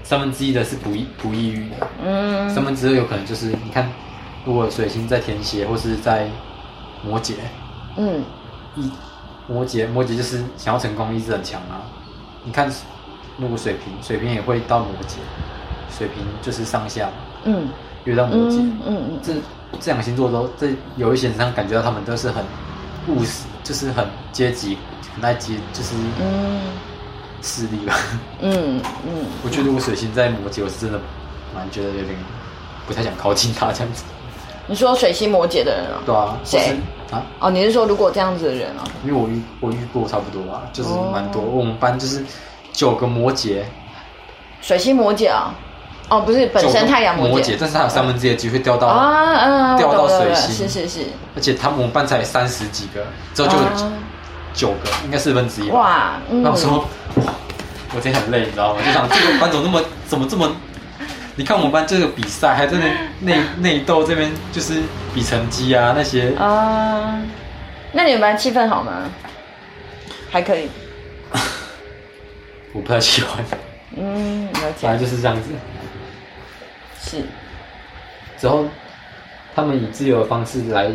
三分之一的是不抑不抑鬱的，嗯，三分之二有可能就是你看，如果水星在天蠍或是在摩羯，嗯，一摩羯摩羯就是想要成功意志很強啊，你看，如果水瓶水瓶也會到摩羯，水瓶就是上下，嗯，遇到摩羯，嗯嗯，這這兩個星座都這有一些人上感覺到他們都是很務實，就是很階級，很耐級，就是嗯。勢力吧。嗯嗯，我覺得我水星在摩羯，我是真的蠻覺得有點不太想靠近他這樣子。你說水星摩羯的人啊？對啊。誰啊？哦，你是說如果這樣子的人啊？因為我遇我遇過差不多啊，就是蠻多、哦。我們班就是九個摩羯，水星摩羯啊？哦，不是，本身太陽摩、摩羯，但是它有三分之一的機會掉到、哦、啊、啊，掉到水星，是是是。而且他們班才三十幾個，之後就、啊。九個，應該四分之一。哇，那、嗯、我說，我今天很累，你知道嗎？就想這個班怎麼那麼 怎麼這麼？你看我們班這個比賽還在那內 內、內鬥，這邊就是比成績啊那些。啊、呃，那你們班氣氛好嗎？還可以， 我不太喜歡。嗯，了解。反正就是這樣子。是，之後他們以自由的方式來。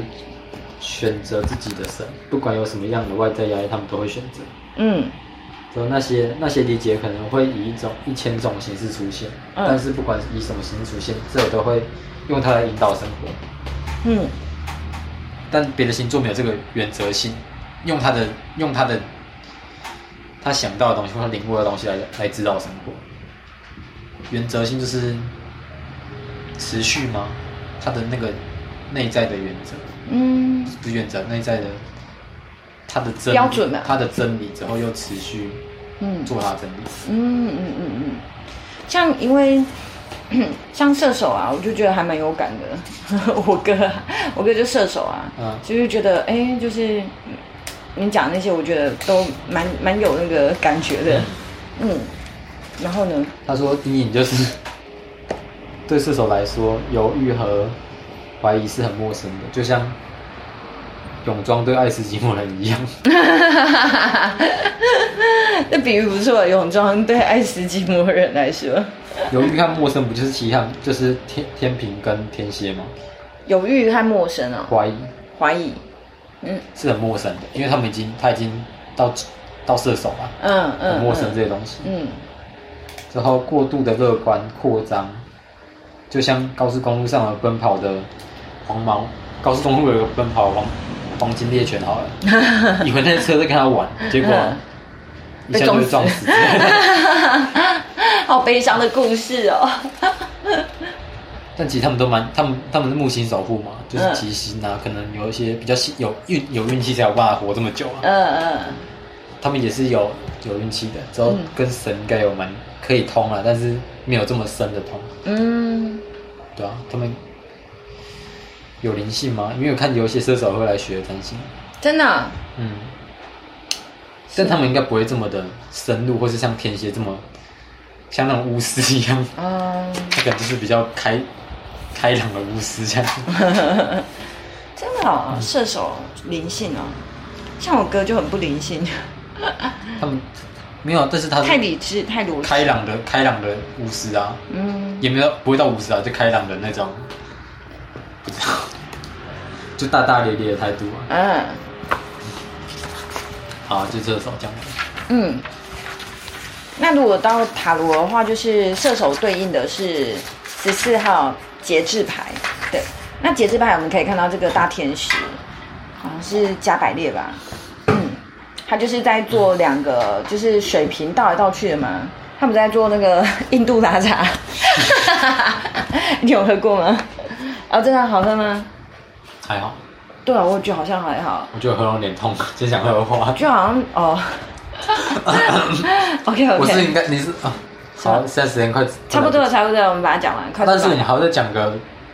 選擇自己的神，不管有什麼樣的外在壓力，他們都會選擇。嗯，就那些那些理解可能會以一種一千種形式出現，嗯，但是不管以什麼形式出現，這都會用它來引導生活。嗯，但別的星座沒有這個原則性，用他的用他的他想到的東西或他領悟的東西來來指導生活。原則性就是持續嗎？他的那個內在的原則。嗯，原則內在的，他的標準、啊，他的真理之後又持續，嗯，做他的真理，嗯嗯嗯嗯，像因為像射手啊，我就覺得還蠻有感的。 我哥，我哥就射手啊，嗯、就是覺得哎、欸，就是你講那些，我覺得都蠻蠻有那個感覺的。嗯，嗯然後呢，他說陰影就是對射手來說，猶豫和。懷疑是很陌生的，就像泳裝對愛斯基摩人一樣。哈哈哈哈哈！哈哈，那比喻不錯，泳裝對愛斯基摩人來說。猶豫和陌生不就是奇象，就是天、天秤跟天蠍嗎？猶豫和陌生啊、哦，懷疑懷疑，嗯，是很陌生的，因為他們已經他已經到到射手了，嗯嗯，很陌生這些東西，嗯，嗯嗯之後過度的樂觀擴張，就像高速公路上奔跑的。黃毛，高速公路有個奔跑黃黃金獵犬，好了，以為那車在跟他玩， 結果、呃、一下就被撞死，被 好悲傷的故事哦。 但其實他們都蠻，他們他們是木星守護嘛，就是吉星，那、呃、可能有一些比較幸有運有運氣才有辦法活這麼久啊。嗯、呃、嗯、呃，他們也是有有運氣的，之後跟神應該有蠻可以通啊、嗯，但是沒有這麼深的通。嗯，對啊，他們。有靈性嗎？因為我看有些射手會來學占星，真的、啊。嗯，但他們應該不會這麼的深入，或是像天蠍這麼，像那種巫師一樣。啊、嗯，他可能就是比較開開朗的巫師這樣呵呵呵。真的哦，嗯、射手靈性哦，像我哥就很不靈性。他們沒有、啊，但是他太理智、太邏輯開朗的開朗的巫師啊。嗯，也沒有不會到巫師啊，就開朗的那種，不知道。就大大咧咧的態度啊！嗯，好，就射手這樣子。嗯，那如果到塔羅的話，就是射手對應的是十四號節制牌。對，那節制牌我們可以看到這個大天使，好像是加百列吧？嗯，他就是在做兩個，就是水瓶倒來倒去的嘛。他們在做那個印度拉茶， 你有喝過嗎？哦，真的好喝嗎？還好，對啊，我覺得好像還好。我覺得喉嚨有點痛，今天講黑話。我覺得好像哦 ，OK OK。我是應該你是啊，哦，好，是好，現在時間快差不多了，差不多了。我們把它講完快。但是你還要再講個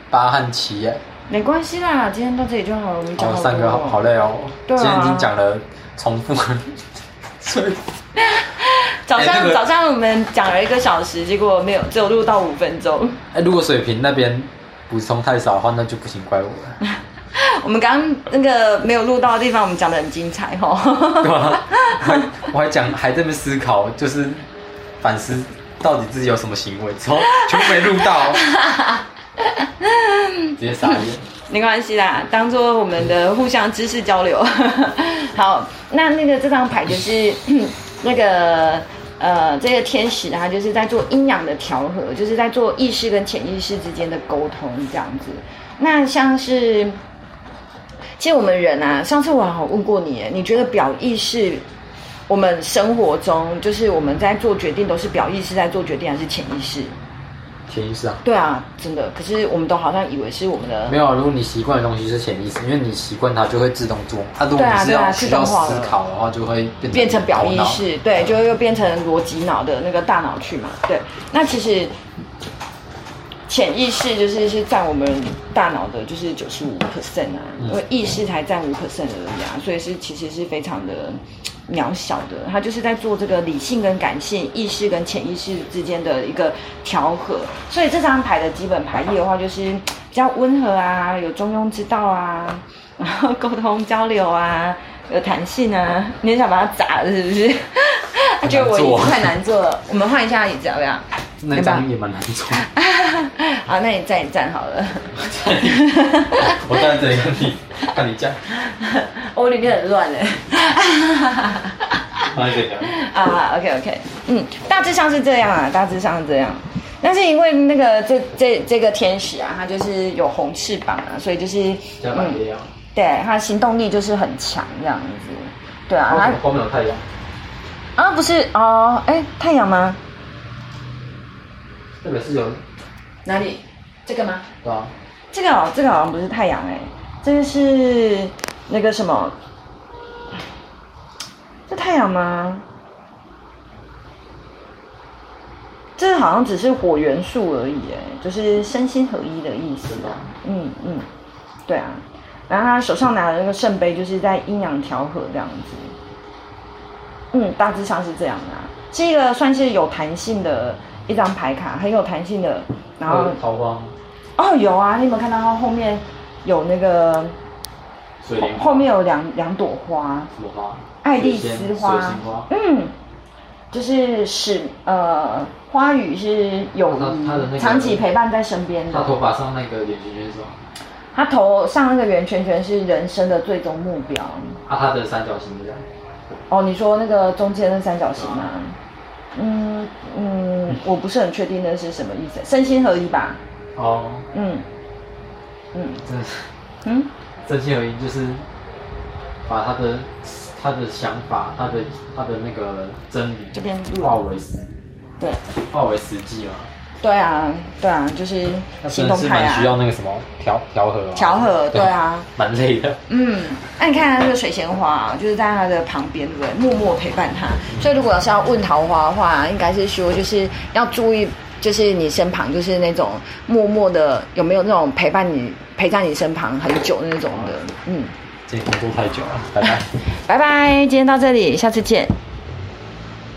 八漢七耶。沒關係啦，今天到這裡就好了。我們講三個，好累哦。對啊，今天已經講了重複。所以 早上、欸這個，早上我們講了一個小時，結果沒有，只有錄到五分鐘。哎，欸，如果水平那邊補充太少的話，那就不行，怪我了。 我們剛剛那個，沒有錄到的地方，我們講得很精彩哦 對、啊。對我還講還，還在那邊思考，就是反思到底自己有什麼行為，從全部沒錄到、哦， 直接傻眼，沒關係啦，當做我們的互相知識交流。 好，那那個這張牌就是那個呃，這個天使他、啊、就是在做陰陽的調和，就是在做意識跟潛意識之間的溝通這樣子。那像是。其實我們人啊，上次我好像問過你，你覺得表意識，我們生活中就是我們在做決定，都是表意識在做決定，還是潛意識？潛意識啊。對啊，真的。可是我們都好像以為是我們的。沒有、啊，如果你習慣的東西是潛意識，因為你習慣它就會自動做。它、啊、如果你是要，啊啊，要思考的話，就會變成表意識，潛意識，潛意識，對，就又變成邏輯腦的那個大腦去嘛。對，那其實。潛意識就是是占我們大腦的，就是九十五 percent 啊、嗯，因為意識才占五 percent 而已啊，所以是其實是非常的渺小的。它就是在做這個理性跟感性、意識跟潛意識之間的一個調和。所以這張牌的基本牌義的話，就是比較溫和啊，有中庸之道啊，然後溝通交流啊，有彈性啊。你很想把它砸了是不是？啊、 覺得我太難做了，我 們換一下椅子要不要？那張對吧？也蠻難做。啊，那你站，一站好了。 我站，我站這裡，看你看你站。我裡面很亂嘞。啊、 uh,，OK OK，嗯，大致上是這樣啊，大致上是這樣。但是因為那個這這這個天使啊，它就是有紅翅膀，啊，所以就是、啊嗯、對，它的行動力就是很強這樣子。對啊，為什麼後面有太陽？啊，不是哦，哎，太陽嗎？這個是有。哪裡？這個嗎、啊？這個哦，這個好像不是太陽哎、欸，這個是那個什麼？這太陽嗎？這個，好像只是火元素而已哎、欸，就是身心合一的意思咯、啊。嗯嗯，對啊。然後他手上拿的那個聖杯，就是在陰陽調和這樣子。嗯，大致上是這樣的、啊。這個算是有彈性的。一張牌卡，很有彈性的，然後桃花，哦，有啊，你有沒有看到它後面有那個？水後面有兩兩朵花。什麼花？愛麗絲花。嗯，就是使呃，花語是有它長期陪伴在身邊的。他、啊那個、頭髮上那個圓圈圈是嗎？他頭上那個圓圈圈是人生的最終目標。啊，他的三角形的。哦，你說那個中間的三角形嗎、啊？啊嗯嗯，我不是很確定那是什麼意思，身心合一吧？哦，嗯嗯，真是嗯，身心合一就是把他的他的想法，他的他的那個真理化為實、嗯，對，化為實際嘛、啊。對啊，對啊，就是心的、啊、是蠻需要那個什麼調調和調和，對啊對，蠻累的。嗯，那、啊、你看他這個水仙花、啊，就是在他的旁邊，對不對？默默陪伴他。所以如果要是要問桃花的話，應該是說就是要注意，就是你身旁就是那種默默的有沒有那種陪伴你陪在你身旁很久那種的。嗯，這工作太久了，拜拜，拜拜，今天到這裡，下次見。